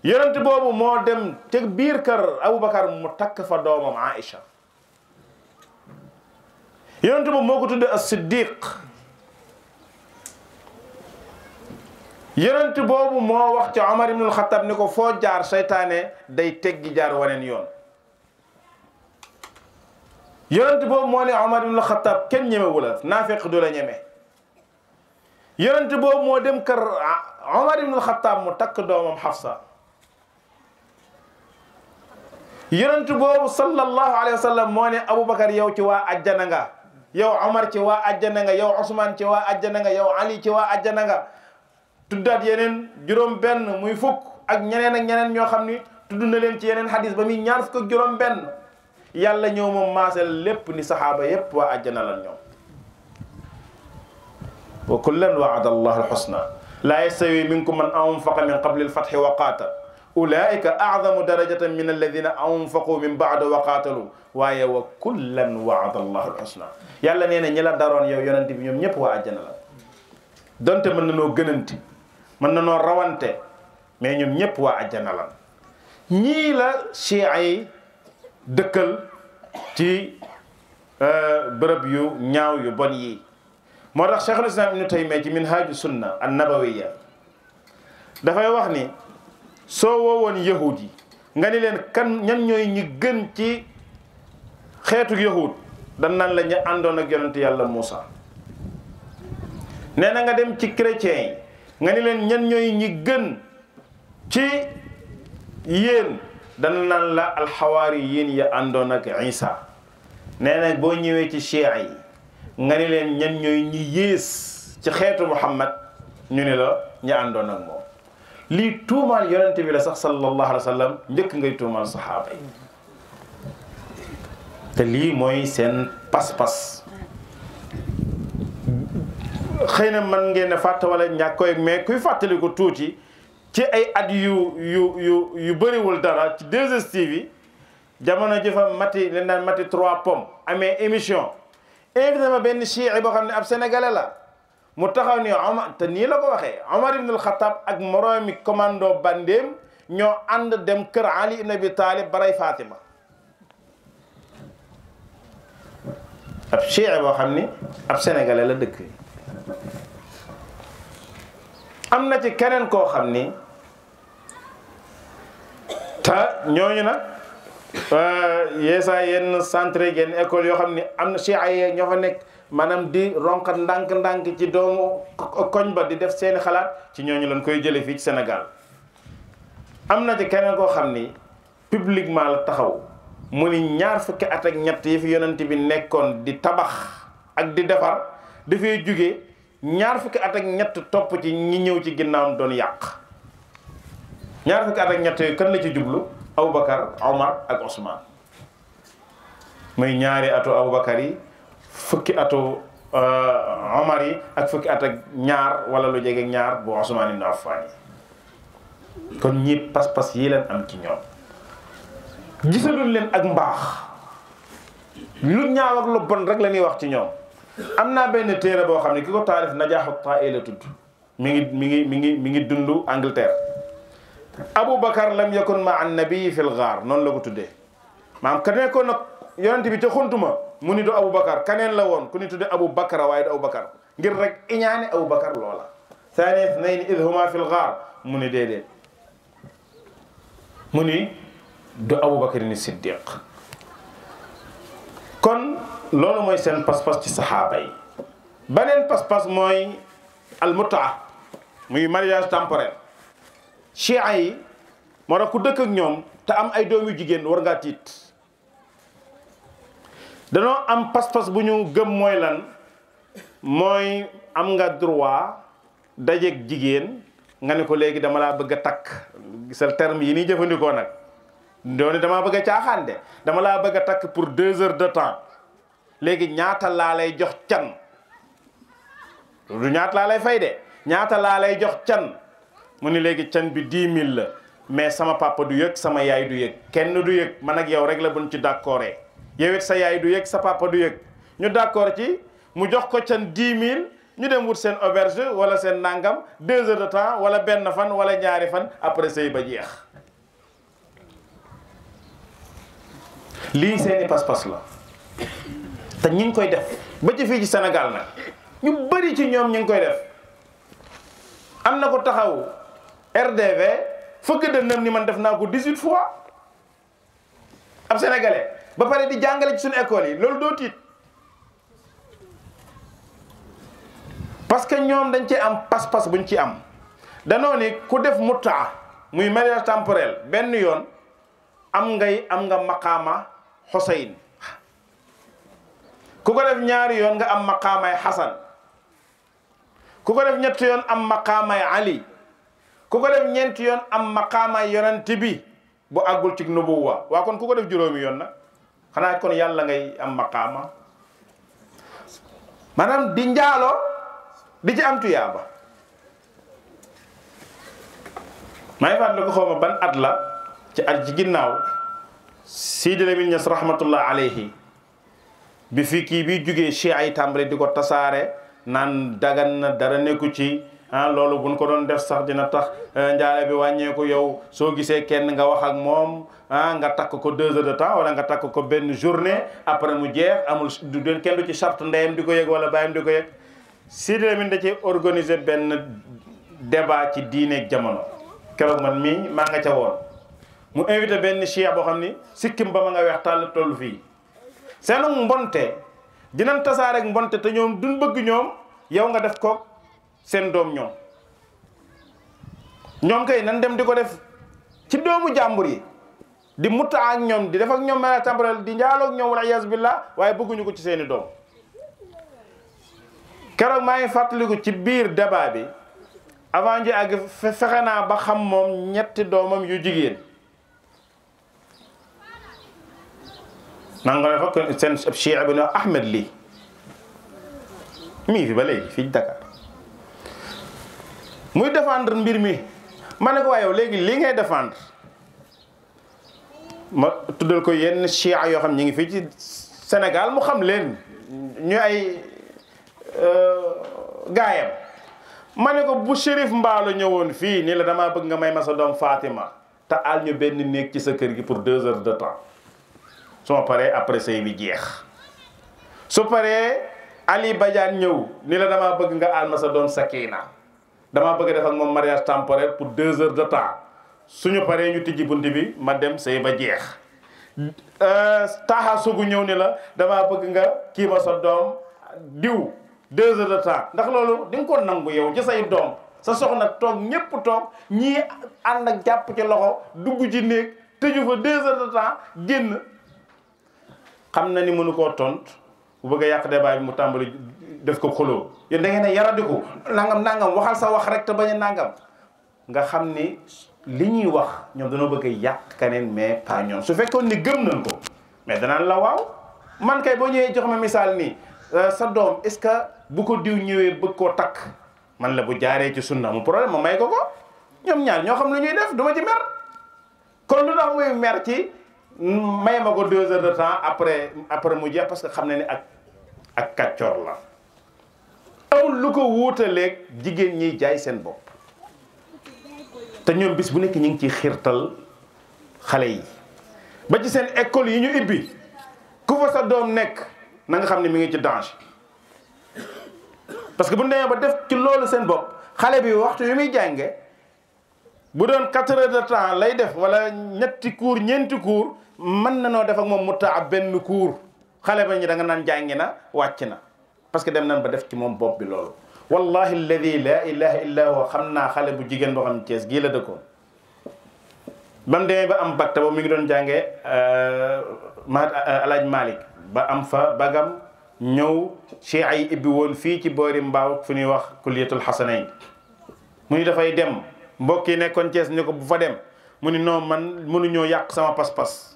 yonent boobu moo dem te biir kër Aboubacar mu takk fa doomam Aïcha yonent boobu moo ko tudde as-Siddiq yonent boobu moo wax ci Omar ibn al ni ko foo jaar seytaane day teggi jaar waneen yoon yonent boobu moo ne Omar ibn al-Khattab kenn ñemewu la naafeq du la ñeme yonent boobu moo dem kër Omar ibn al mu takk doomam Hafsa yonent boobu sallallahu alayhi wa sallam moo ne Aboubacar yow ci waa ajjana nga yow Omar ci waa ajjana nga yow Ousmane ci waa ajjana nga yow Ali ci waa ajjana nga tuddaat yeneen juróom benn muy fukk ak ñeneen ak ñeneen ñoo xam ni tudd na leen ci yeneen hadis ba muy ñaar fukk ak juróom benn yàlla ñëw moom maasel lépp ni saxaaba yépp waa ajjana lan ñoom wa kullan waada allahu alxusna laa yastawi minkum man anfaqa min qabli alfatxi wa qaata ulaika aadamu darajatan min alladina anfaqu min baado wa qaatalu waaye wa kullan waada allahu alxusna yàlla nee na ñi la daroon yow yonente bi ñoom ñëpp waa àjjana la donte mën na noo gënante mën na noo rawante mais ñoom ñëpp waa àjjana la ñii la chia yi dëkkal ci euh, bërëb yu ñaaw yu bon yi moo tax cheikhul islam ibnu taymiya ci minhaaju sunna an nabawiya dafay wax ni soo woowoon yahud yi nga ni leen kan ñan ñooy ñi gën ci xeetu yahud dan naan la ñu àndoon ak yonent yàlla Moussa nee na nga dem ci chrétien yi nga ni leen ñan ñooy ñi gën ci yéen dan naan la alxawaari yéen ya àndoon ak Isa nee na boo ñëwee ci chia yi nga ni leen ñan ñooy ñi yées ci xeetu Muhammad ñu ni la ñu àndoon ak moom lii tuumaal yonent bi la sax sallallahu alayhi wa njëkk ngay tuumaal saxaaba te lii mooy seen pas-pas xëy na mën ngeen a fàtte wala ñàkk koy kuy fàttali ko tuuti ci ay at yu yu yu bëriwul dara ci 2STV yi jamono jëfa mati leen daan mati trois pommes amee émission ma benn chiite boo xam ne ab sénégalais la mu taxaw ni Omar nii la ko waxee Omar ibn al-Khattab ak moroomi commando bandéem ñoo ànd dem kër Ali ibn Abi Talib baray Fatima ab chiite boo xam ni ab sénégalais la dëkk am na ci keneen koo xam ni te ñooñu nag euh, yeesa yenn centre yenn école yoo xam ni am na chiite yee ñoo fa nekk maanaam di ronkat ndànk-ndànk ci doomu koñ ba di def seeni xalaat ci ñooñu lañ koy jëlee fii ci Sénégal am na ci keneen koo xam ni publiquement la taxaw mu ni ñaar fukki at ak ñett yi fi yonent bi nekkoon di tabax ak di defar dafay jóge ñaar fukki at ak ñett topp ci ñi ñëw ci ginnaawam doon yàq ñaar fukki at ak ñett yooyu kan la ci jublu Aboubacar Omar ak Ousmane muy ñaari atu Aboubacar yi fukki atu euh, Omar yi ak fukki at ak ñaar wala lu jege ñaar bu Usmaan ibn Affaan yi kon ñii pas-pas yi leen am ci ñoom gisalul leen ak mbaax lu ñaaw lu bon rek la ñuy wax ci ñoom am na benn téere boo xam ne ki ko taalif Najaaxu Taa'il la tudd mi ngi mi ngi mi ngi mi ngi dund Angleterre Abu Bakar lam yakun ma an nabi fil gaar noonu la ko tuddee maam ka nekkoon nag yonent bi ca xuntuma mu ni du Aboubacar kaneen la woon ku ni tudde Aboubacar waaye du Aboubacar ngir rek iñaane Aboubacar loola thani ithnayni idh huma fil ghaar mu ni déedéet mu ni du Aboubacar ni Siddiq kon loolu mooy seen pas-pas ci saxaaba yi beneen pas-pas mooy almutaa muy mariage temporaire chia yi moo tax ku dëkk ak ñoom te am ay doom yu jigéen war ngaa tiit danoo am pas-pas bu ñu gëm mooy lan mooy am nga droit dajeeg jigéen nga ne ko léegi dama laa bëgg a takk gisal terme yi nii jëfandikoo nag doone dama bëgg a caaxaan de dama laa bëgg a takk pour deux heures de temps léegi ñaata laa lay jox can du ñaata laa lay fay de ñaata laa lay jox can mu ni léegi can bi dix mille la mais sama papa du yëg sama yaay du yëg kenn du yëg man ak yow rek la buñ ci d'accordé yow it sa yaay du yëg sa papa du yëg ñu d'accord ci mu jox ko can dix mille ñu dem wut seen oberge wala seen nangam deux heures de temps wala benn fan wala ñaari fan après sëy ba jeex lii seeni pas-pas la te ñi ngi koy def ba ci fii ci Sénégal nag ñu bari ci ñoom ñi ngi koy def am na ko taxaw RDV fëgg dënnam ni man def naa ko 18 fois ab sénégalais ba pare di jàngale ci suñu école yi loolu doo tiit parce que ñoom dañ ci am pas-pas buñ ci am danoo ni ku def mutaa muy mariage temporel benn yoon am ngay am nga maqaama Xuseyn ku ko def ñaari yoon nga am maqaamay Xasan ku ko def ñetti yoon am maqaamay Ali ku ko def ñeenti yoon am maqaamay yonent bi bu àggul ci nubuwa waa kon ku ko def juróomi yoon na xanaa kon yàlla ngay am maqaama maanaam di njaaloo di ci am tuyaaba may faat la ko xawma ban at la ci at ci ginnaaw Sidi Lamine Niass rahmatullah alayhi bi fi kii bi jugee si ay tàmbali di ko tasaare naan dagan na dara nekku ci ah loolu buñ ko doon def sax dina tax eh, njaare bi wàññeeku yow soo gisee kenn nga wax ak moom ah nga takk ko deux heures de temps wala nga takk ko benn journée après mu jeex amul du doon kenn du ci charte ndeyam di ko yëg wala bàyyam di ko yëg si demin da ci organiser benn débat ci diineeg jamono keroog man mii maa nga ca woon mu invité benn cheikh boo xam ni sikkim ba ma nga weex tàll toll fii seenu mbonte dinañ tasaare ak mbonte te ñoom duñ bëgg ñoom yow nga def ko seen doom ñoom ñoom kay nan dem di ko def ci doomu jàmbur yi di mutta ak ñoom di def ak ñoom mala temporel di njaaloog ñoom wala iyas billah waaye bëgguñu ko ci seeni doom keroog maa ngi fàttaliku ci biir débat bi avant ji ak fexe naa ba xam moom ñetti doomam yu jigéen nanga ne fa seen Cheikh bi ne Ahmed lii mii fi ba léegi fii Dakar muy défendre mbir mi ma ne ko waaye léegi li ngay défendre ma tuddal ko yenn chia yoo xam ñi ngi fii ci senegal mu xam leen ñu ay euh, gaayam ma ne ko bu Chérif Mbaalo ñëwoon fii nii la damaa bëgg nga may ma sa doom Fatima te al ñu benn néeg ci sa kër gi pour deux heures de temps su ma paree après sëy bi jeex su pare Ali Badiane ñëw ni la damaa bëgg nga al ma sa doom Sakina damaa bëgg a def moom mariage temporaire pour deux heures de temps suñu paree ñu tijji bunt bi ma dem sëy ba jeex euh, taaxa sugu ñëw ni la damaa bëgg nga kii ma sa doom diw deux heures de temps ndax loolu di ko nangu yow ci say doom sa soxna toog ñëpp toog ñii ànd ak jàpp ci loxo dugg ci néeg tëju fa deux heures de temps génn xam na ni mënu koo tont bu bëgg a de débat bi mu tàmbali def ko xuloo yéen da ngeen ne yaradiku nangam nangam waxal sa wax rek te bañ a nangam nga xam ni li ñuy wax ñoom dañoo bëgg a yàq keneen mais pas ñoom su fekkoon ni gëm nañ ko mais danaan la waaw man kay boo ñëwee jox ma misaal nii euh, sa doom est-ce que bu ko diw ñëwee bëgg koo takk man la bu jaaree ci sunna mu problème ma may ko ko ñoom ñaar ñoo xam ne ñuy def du ma ci mer kon lu tax muy mer ci mm, may ma ko deux heures de temps après après mu jeex parce que xam na ni ak ak kàccoor la amul lu ko wuutaleeg jigéen ñiy jaay seen bopp te ñoom bis bu nekk ñu ngi ciy xiirtal xale yi ba ci seen école yi ñu ibbi ku fa sa doom nekk na nga xam ne mi ngi ci danger parce que bu demee ba def ci loolu seen bopp xale bi waxtu yu muy jànge bu doon quatre heures temps lay def wala ñetti cours ñeenti cours mën na noo def ak moom mu taa benn cours xale ba ñi da nga naan jàngi na wàcc na parce que dem nañ ba def ci moom bopp bi loolu wallahi alladi la illa huwa xam naa xale bu jigéen boo xam ne Thiès gii la dëkkoon ba mu demee ba am bac te mu ngi doon jànge euh, ma euh, alaaj Malick ba am fa bagam ñëw ci ay ibbi woon fii ci boori mbaaw fu ñuy wax kulliyatul xasanayn mu ni dafay dem mbokk yi nekkoon Thiès ni ko bu fa dem mu ni non man mënuñoo yàq sama pas-pas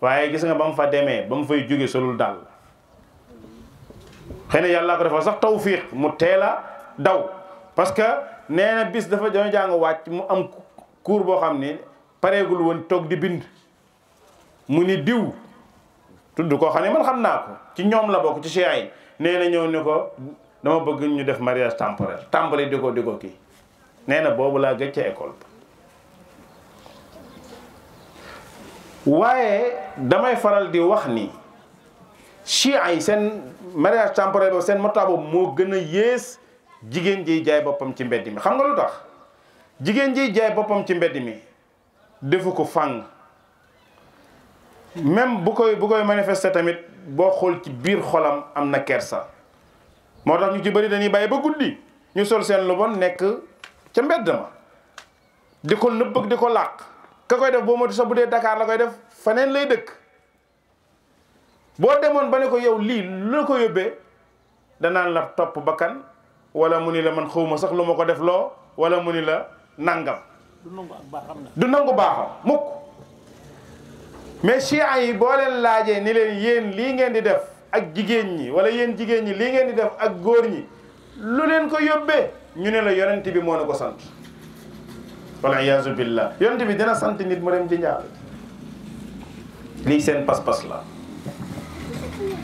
waaye gis nga ba mu fa demee ba mu fay jóge solul daal xëy na yàlla ko defal sax tawfiq mu teel a daw parce que nee bis dafa doon jàng wàcc mu am cours boo xam ni pareegul woon toog di bind mu ni diw tudd koo xam ne man xam naa ko ci ñoom la bokk ci cheikh yi nee na ñëw ni ko dama bëgg ñu def mariage temporaire tàmbali di ko di ko kii nee na boobu laa gëj ca école ba waaye damay faral di wax ni chia ay seen mariage temporaire boobu seen motaa moo gën a yées jigéen jiy jaay boppam ci mbedd mi xam nga lu tax jigéen jiy jaay boppam ci mbedd mi defu ko fàng même bu koy bu koy manifester tamit boo xool ci biir xolam am na kersa moo tax ñu ci bari dañuy bàyyi ba guddi ñu sol seen lu bon nekk ca mbedd ma di ko nëbb di ko làq ka koy def boo ma sax bu dee Dakar la koy def faneen lay dëkk boo demoon ba ne ko yow lii lu la ko yóbbee danaan la topp bakkan wala mu ni la man xawma sax lu ma ko def loo wala mu ni la nangam. du nangu ak baaxam du nangu baaxam mukk mais chia yi boo leen laajee ni leen yéen lii ngeen di def ak jigéen ñi wala yéen jigéen ñi lii ngeen di def ak góor ñi lu leen ko yóbbee ñu ne la yonent bi moo ne ko sant. wala iyaazu billah yonent bi dina sant nit mu dem ci njaal lii seen pas-pas la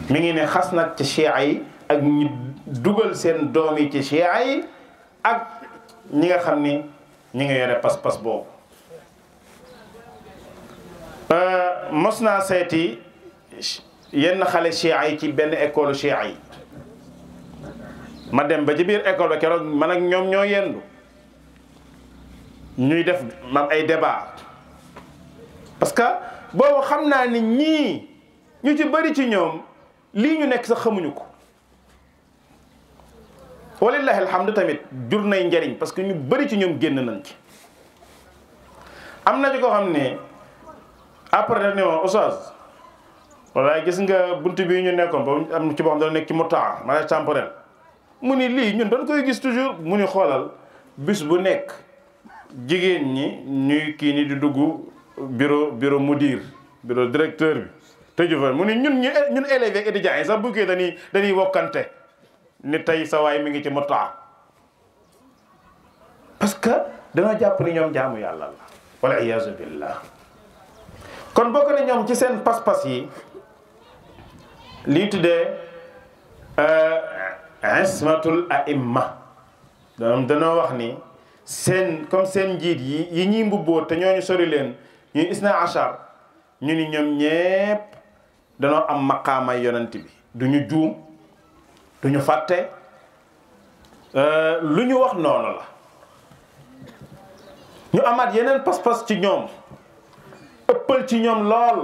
mu ngi ne xas nag ci chia yi ak ñi dugal seen doom yi ci chia yi ak ñi nga xam ni ñi ngi yore pas-pas boobu euh, mos naa seeti yenn xale chia yi ci benn école chia yi ma dem ba ci biir école ba keroog man ak ñoom ñoo yendu ñuy def maam ay débat parce que boobu xam naa ni ñii ñu ci bëri ci ñoom lii ñu nekk sa xamuñu ko walillahi alhamdu tamit jur nay njariñ parce que ñu bëri ci ñoom génn nañ ci am na ci ko xam ne après ne woon oustaz walaay gis nga bunt bi ñu nekkoon ba am ci boo xam dana nekk ci ma mariage temporel mu ni lii ñun dañ koy gis toujours mu ni xoolal bis bu nekk jigéen ñi ñuy kii ni di dugg bureau bureau mudir bureau directeur bi tëju fa mu ni ñun ñun élèves ak étudiants yi sax bu kii dañuy wokkante ni tey sa waay mi ngi ci motaa parce que dañoo jàpp ni ñoom jaamu yàlla la wala iyaazu billah kon bokk na ñoom ci seen pas-pas yi lii tuddee euh, ismatul aimma dañoo wax ni seen comme seen njiit yi yi ñuy mbubboo te ñooñu sori leen ñuy isna achar ñu ni ñoom ñépp danoo am maqaamay yonent bi du ñu juum du ñu fàtte euh, lu ñu wax noonu la ñu amaat yeneen pas-pas ci ñoom ëppal ci ñoom lool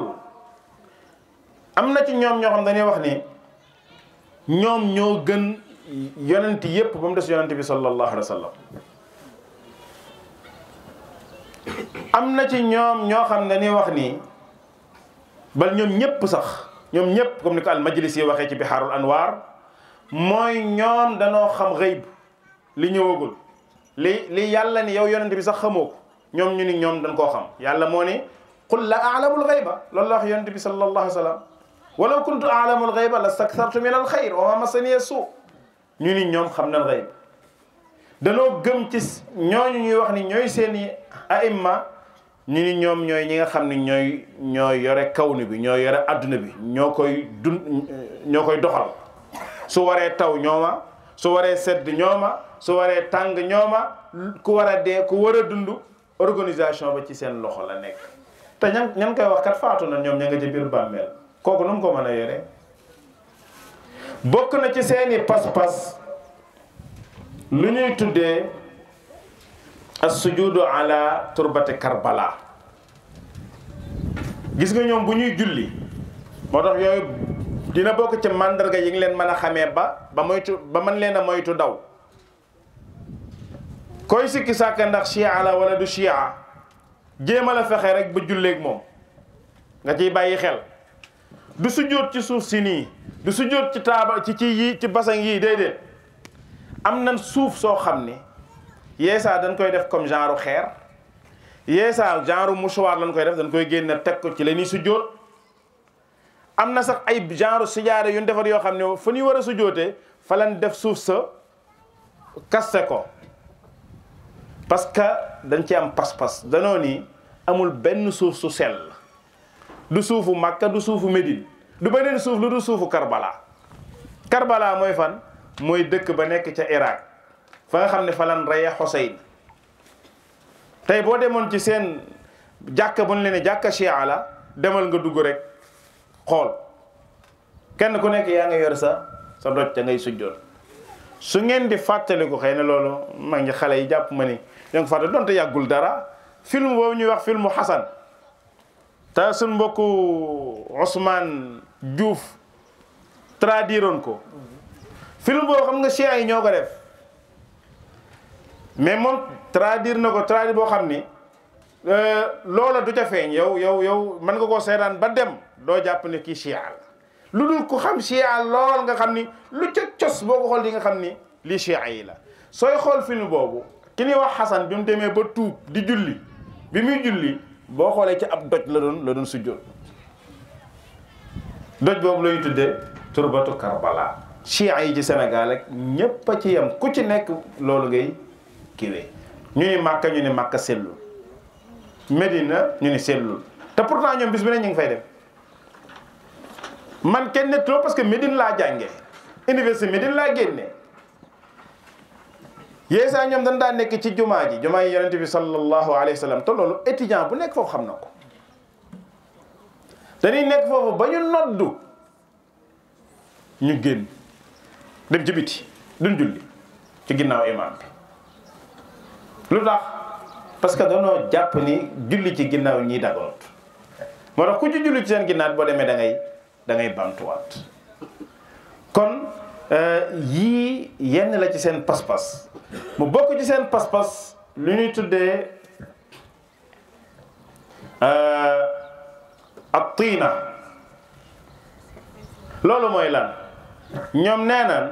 am na ci ñoom ñoo xam dañuy wax ni ñoom ñoo gën yonent yépp ba mu des yonent bi sallallahu alayhi wa am na ci ñoom ñoo xam ne ni wax nii bal ñoom ñëpp sax ñoom ñëpp comme ni ko al majlis yi waxee ci bihaarul anwaar mooy ñoom danoo xam xëyb li ñëwagul li li yàlla ni yow yonent bi sax xamoo ko ñoom ñu ni ñoom dañ koo xam yàlla moo ni qul la aalamul xayba loolu la wax yonent bi sallallahu alayhi wa sallam walaw kuntu aalamul xayba la staktartu min al xayr wa ma masaniya suu ñu ni ñoom xam nañ xayb danoo gëm ci ñooñu ñuy wax ni ñooy seeni aimma ñu ñoom ñooy ñi nga xam ne ñooy ñooy yore kaw kawni bi ñoo yore àdduna bi ñoo koy dun ñoo koy doxal su waree taw ñooma su waree sedd ñooma su waree tàng ñooma ku war a dee ku war a dund organisation ba ci seen loxo la nekk te ñan ñan koy wax kat faatu na ñoom ña nga ci biir bàmmeel kooku nu mu ko mën a yore bokk na ci seeni pas-pas lu ñuy tuddee as sujudu ala turbati karbala gis nga ñoom bu ñuy julli moo tax yooyu dina bokk ci màndarga yi ngi leen mën a xamee ba ba moytu ba man leen a moytu daw koy sikki sàkka ndax chia la wala du chia jéemal a fexe rek ba julleeg moom nga ciy bàyyi xel du sujjóot ci suuf si nii du sujjóot ci taaba ci ci yii ci basan yii déedéet am na suuf soo xam ni yeesaa dañ koy def comme genre xeer yeesaa genre mouchoir lañ koy def dañ koy génne teg ko ci la ñuy sujjóot am na sax ay genre sujaare yu ñu defar yoo xam ne fu ñuy war a sujjóotee fa lañ def suuf sa kaste ko parce que dañ ci am pas-pas danoo ni amul benn suuf su sell du suufu Makka du suufu Médine du beneen suuf lu du suufu Karbala Karbala mooy fan mooy dëkk ba nekk ca Irak fa nga xam ne fa lan reye Xuseyn tey boo demoon ci seen jàkk bu ñu leen ne jàkka la demal nga dugg rek xool kenn ku nekk yaa nga yor sa sa doj te ngay sujjoon su ngeen di fàttaliku xëy na loolu maa ngi xale yi jàpp ma ni ñoo ngi fàttali donte yàggul dara film boobu ñuy wax filmu Xasan ta suñ mbokku Ousmane Diouf traduiroon ko film boobu xam nga Chia yi ñoo ko def. mais moom traduire na ko traduire boo xam ni euh, loola du ca feeñ yow yow yow mën nga koo seetaan ba dem doo jàpp ne kii chia la lu dul ku xam chia lool nga xam ni lu ca cos boo ko xool di nga xam ni lii chia yi la sooy xool film boobu ki ñuy wax Xasan bi mu demee ba tuub di julli bi muy julli boo xoolee ci ab doj la doon la doon sujjoon doj boobu la tuddee turbatu Karbala chia yi ci senegal ak ñépp a ci yem ku ci nekk loolu ngay kiiwee ñu ni màkka ñu ni màkka sellul Medina ñu ni sellul te pourtant ñoom bis bi ne ñu ngi fay dem man kenn nettoo parce que Medina laa jànge université Medina laa génne yeesaa ñoom dañ daa nekk ci jumaa ji jumaa yi yonente bi sallallahu alayhi wa sallam te loolu étudiant bu nekk foofu xam na ko dañuy nekk foofu ba ñu noddu ñu génn dem ci biti duñ julli ci ginnaaw imaam bi lu tax parce que danoo jàpp ni julli ci ginnaaw ñii dagoot moo tax ku ci julli ci seen ginnaaw boo demee da ngay da ngay bamtuwaat kon euh, yii yenn la ci seen pas-pas mu bokk ci seen pas-pas lu ñuy tuddee euh, ab tiina loolu mooy lan ñoom nee naan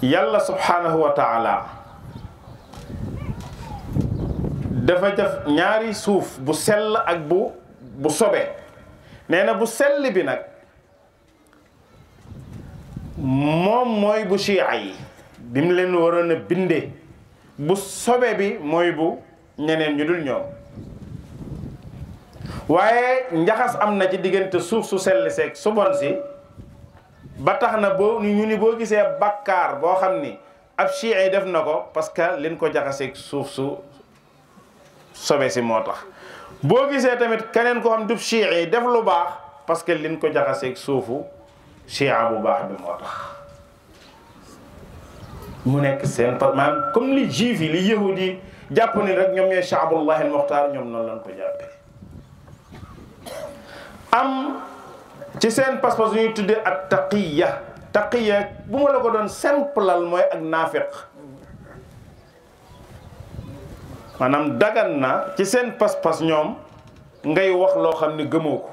yàlla subhanahu wa taala dafa def ñaari suuf bu sell ak bu bu sobee nee na bu sell bi nag moom mooy bu chia yi bi mu leen waroon a bindee bu sobe bi mooy bu ñeneen ñu dul ñoom waaye njaxas am na ci diggante suuf su sell seek su si ba tax na boo ñu ni boo gisee bakkaar boo xam ni ab yi def na ko parce que leen ko jaxaseeg suuf su sobe si moo tax boo gisee tamit keneen ko xam du chiici def lu baax parce que liñ ko soofu suufu chiia bu baax bi moo tax mu nekk seen maanaam comme li juif yi li yahud yi jàpp ni rek ñoom ñooy chaabullahi al muxtaar ñoom noonu lañ ko jàppee am ci seen pas-pas ñuy tuddee ak taqiya taqiya bu ma la ko doon simplal mooy ak naafiq maanaam dagan na ci seen pas-pas ñoom ngay wax loo xam ni gëmoo ko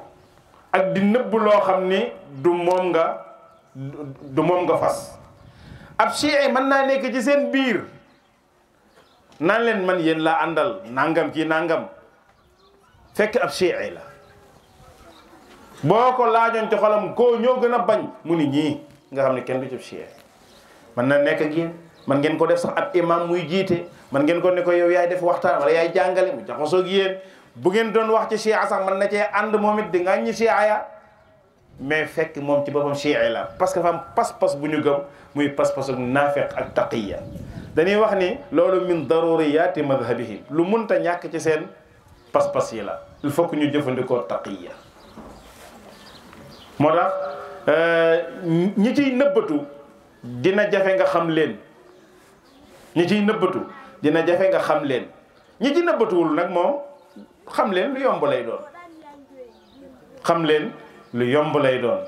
ak di nëbb loo xam ni du moom nga du moom nga fas ab chii mën naa nekk ci seen biir naan leen man yéen laa àndal nangam kii nangam fekk ab chii la boo ko laajoon ci xolam koo ñoo gën a bañ mu ni ñii nga xam ne kenn du ci ab mën na nekk ak man ngeen ko def sax ab imam muy jiite man ngeen ko ne ko yow yaay def waxtaan wala yaay jàngale mu jaxasoo ak yéen bu ngeen doon wax ci chia man na cee ànd moom di nga ñi chia ya mais fekk moom ci boppam chia la parce que fa am pas-pas bu ñu gëm muy pas-pas ak naafeq ak taqiya dañuy wax ni loolu min daruriyaati madhabihim lu munta ñàkk ci seen pas-pas yi la il faut que ñu jëfandikoo taqiya moo tax euh, ñi ciy nëbbatu dina jafe nga xam leen ñi ciy nëbbatu dina jafe nga xam leen ñi ci nëbbatuwul nag moom xam leen lu yomb lay doon xam leen lu yomb lay doon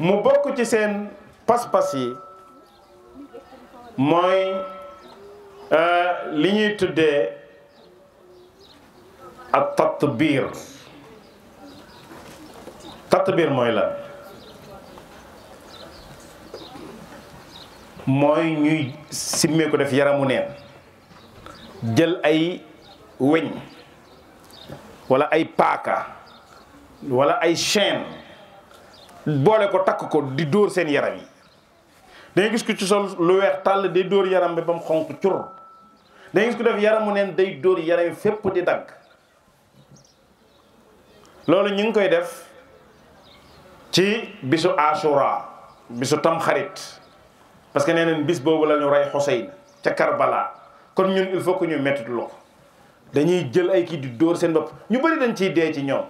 mu bokk ci seen pas-pas yi mooy euh, li ñuy tuddee ak tatbiir biir mooy la mooy ñuy simmee ko def yaramu neen jël ay weñ wala ay paaka wala ay chaîne boole ko takk ko di dóor seen yaram yi dangay gis ko ci sol lu weex tàll day dóor yaram bi ba mu xonq cur dangay gis ko def yaramu neen day dóor yaram yi fépp di dagg loolu ñu ngi koy def ci bisu Ashura bisu tamxarit parce que nee nañ bis boobu la ñu rey Xuseyn ca karbalaa kon ñun il faut que ñu méttitu loo dañuy jël ay kii di dóor seen bopp ñu bëri dañ ci dee ci ñoom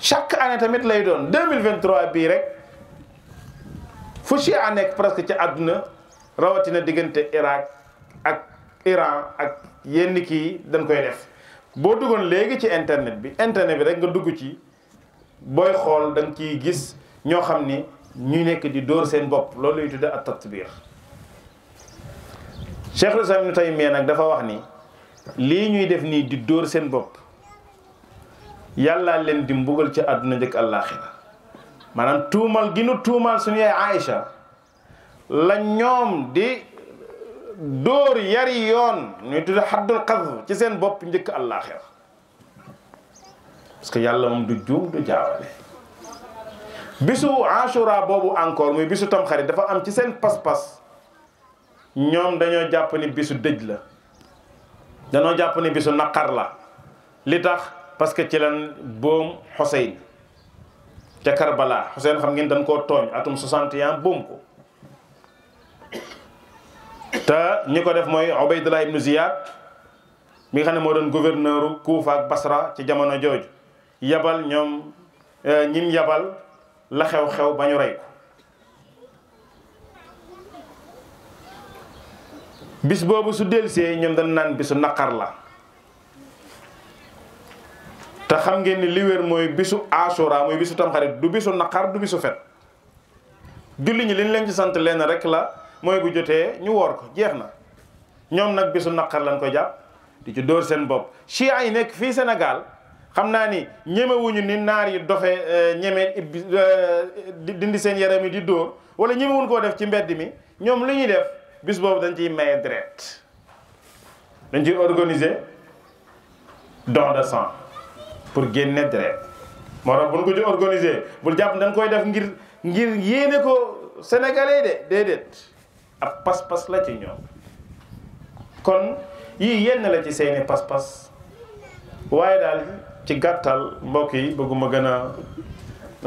chaque année tamit lay doon 2023 bii rek fu ci a nekk presque ci àdduna rawatina diggante Irak ak Iran ak yenn kii dañ koy def boo duggoon léegi ci internet bi internet bi rek nga dugg ci booy xool da nga ciy gis ñoo xam ni ñu nekk di dóor seen bopp loolu lay tudde ak biir Cheikhul Islam Ibnu Taymiyya nag dafa wax ni lii ñuy def nii di dóor seen bopp yàlla leen di mbugal ci àdduna njëkk àllaaxira maanaam tuumal gi nu tuumal suñu yaay Aïcha la ñoom di dóor yari yoon ñuy tudde xaddul xadf ci seen bopp njëkk àllaaxira parce que yàlla moom du juum du jaawale bisu Ashura boobu encore muy bisu tamxarit dafa am ci seen pas-pas ñoom dañoo jàpp ni bisu dëj la dañoo jàpp ni bisu naqar la li tax parce que ci lan boom Xuseyn ca Karbala Xuseyn xam ngeen dañ koo tooñ atum 61 boom ko te ñi ko def mooy Ubaydullah ibnu Ziyad mi nga xam ne moo doon gouverneur Kuufa ak Basra ci jamono jooju yabal ñoom eh, ñim yabal la xew-xew ba ñu rey bis boobu su delsee ñoom dañ naan bisu naqar la te xam ngeen ni li wér mooy bisu asura mooy bisu tamxarit du bisu naqar du bisu fet julli ñi liñ leen ci sant leen rek la mooy bu jotee ñu woor ko jeex na ñoom nag bisu naqar lañ ko jàpp di ci dóor seen bopp chia yi nekk fii senegal xam naa ni ñemewuñu ni naar yi dofe euh, ñeme euh, dindi seen yaram yi di dóor wala ñemewuñ koo def ci mbedd mi ñoom li ñuy def bis boobu dañ ciy maye deret dañ ci organiser don de sang pour génne deret moo tax bu ñu ko ci organiser bul jàpp dañ koy def ngir ngir yéene ko sénégalais de déedéet ab pas-pas la ci ñoom kon yii yenn la ci seeni pas-pas waaye daal ci gàttal mbokk yi bëgguma gën a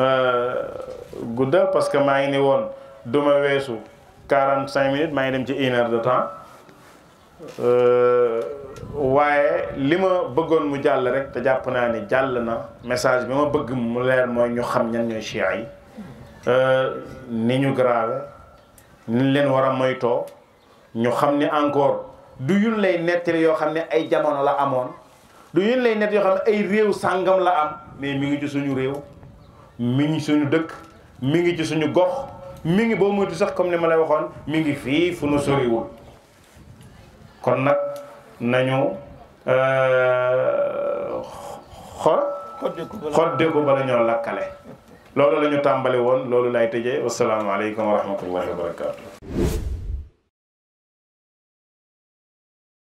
euh, guddal parce que maa ngi ni woon duma weesu quarante cinq minutes maa ngi dem ci une heure de temps euh, waaye li ma bëggoon mu jàll rek te jàpp naa ni jàll na message bi ma bëgg mu leer mooy ñu xam ñan ñooy chia yi euh, ni ñu grave ni leen war a moytoo ñu xam ni encore du yun lay nettali yoo xam ne ay jamono la amoon du yun lay nett yoo xam ne ay réew sàngam la am mais mi ngi ci suñu réew mi ngi suñu dëkk mi ngi ci suñu gox mi ngi boo moytu sax comme ni ma lay waxoon mi ngi fii fu nu soriwul kon nag nañu xor xoddeeku bala ñoo lakkale loolu lañu tàmbali woon loolu lay tëjee wasalaamaaleykum wa rahmatullahi wa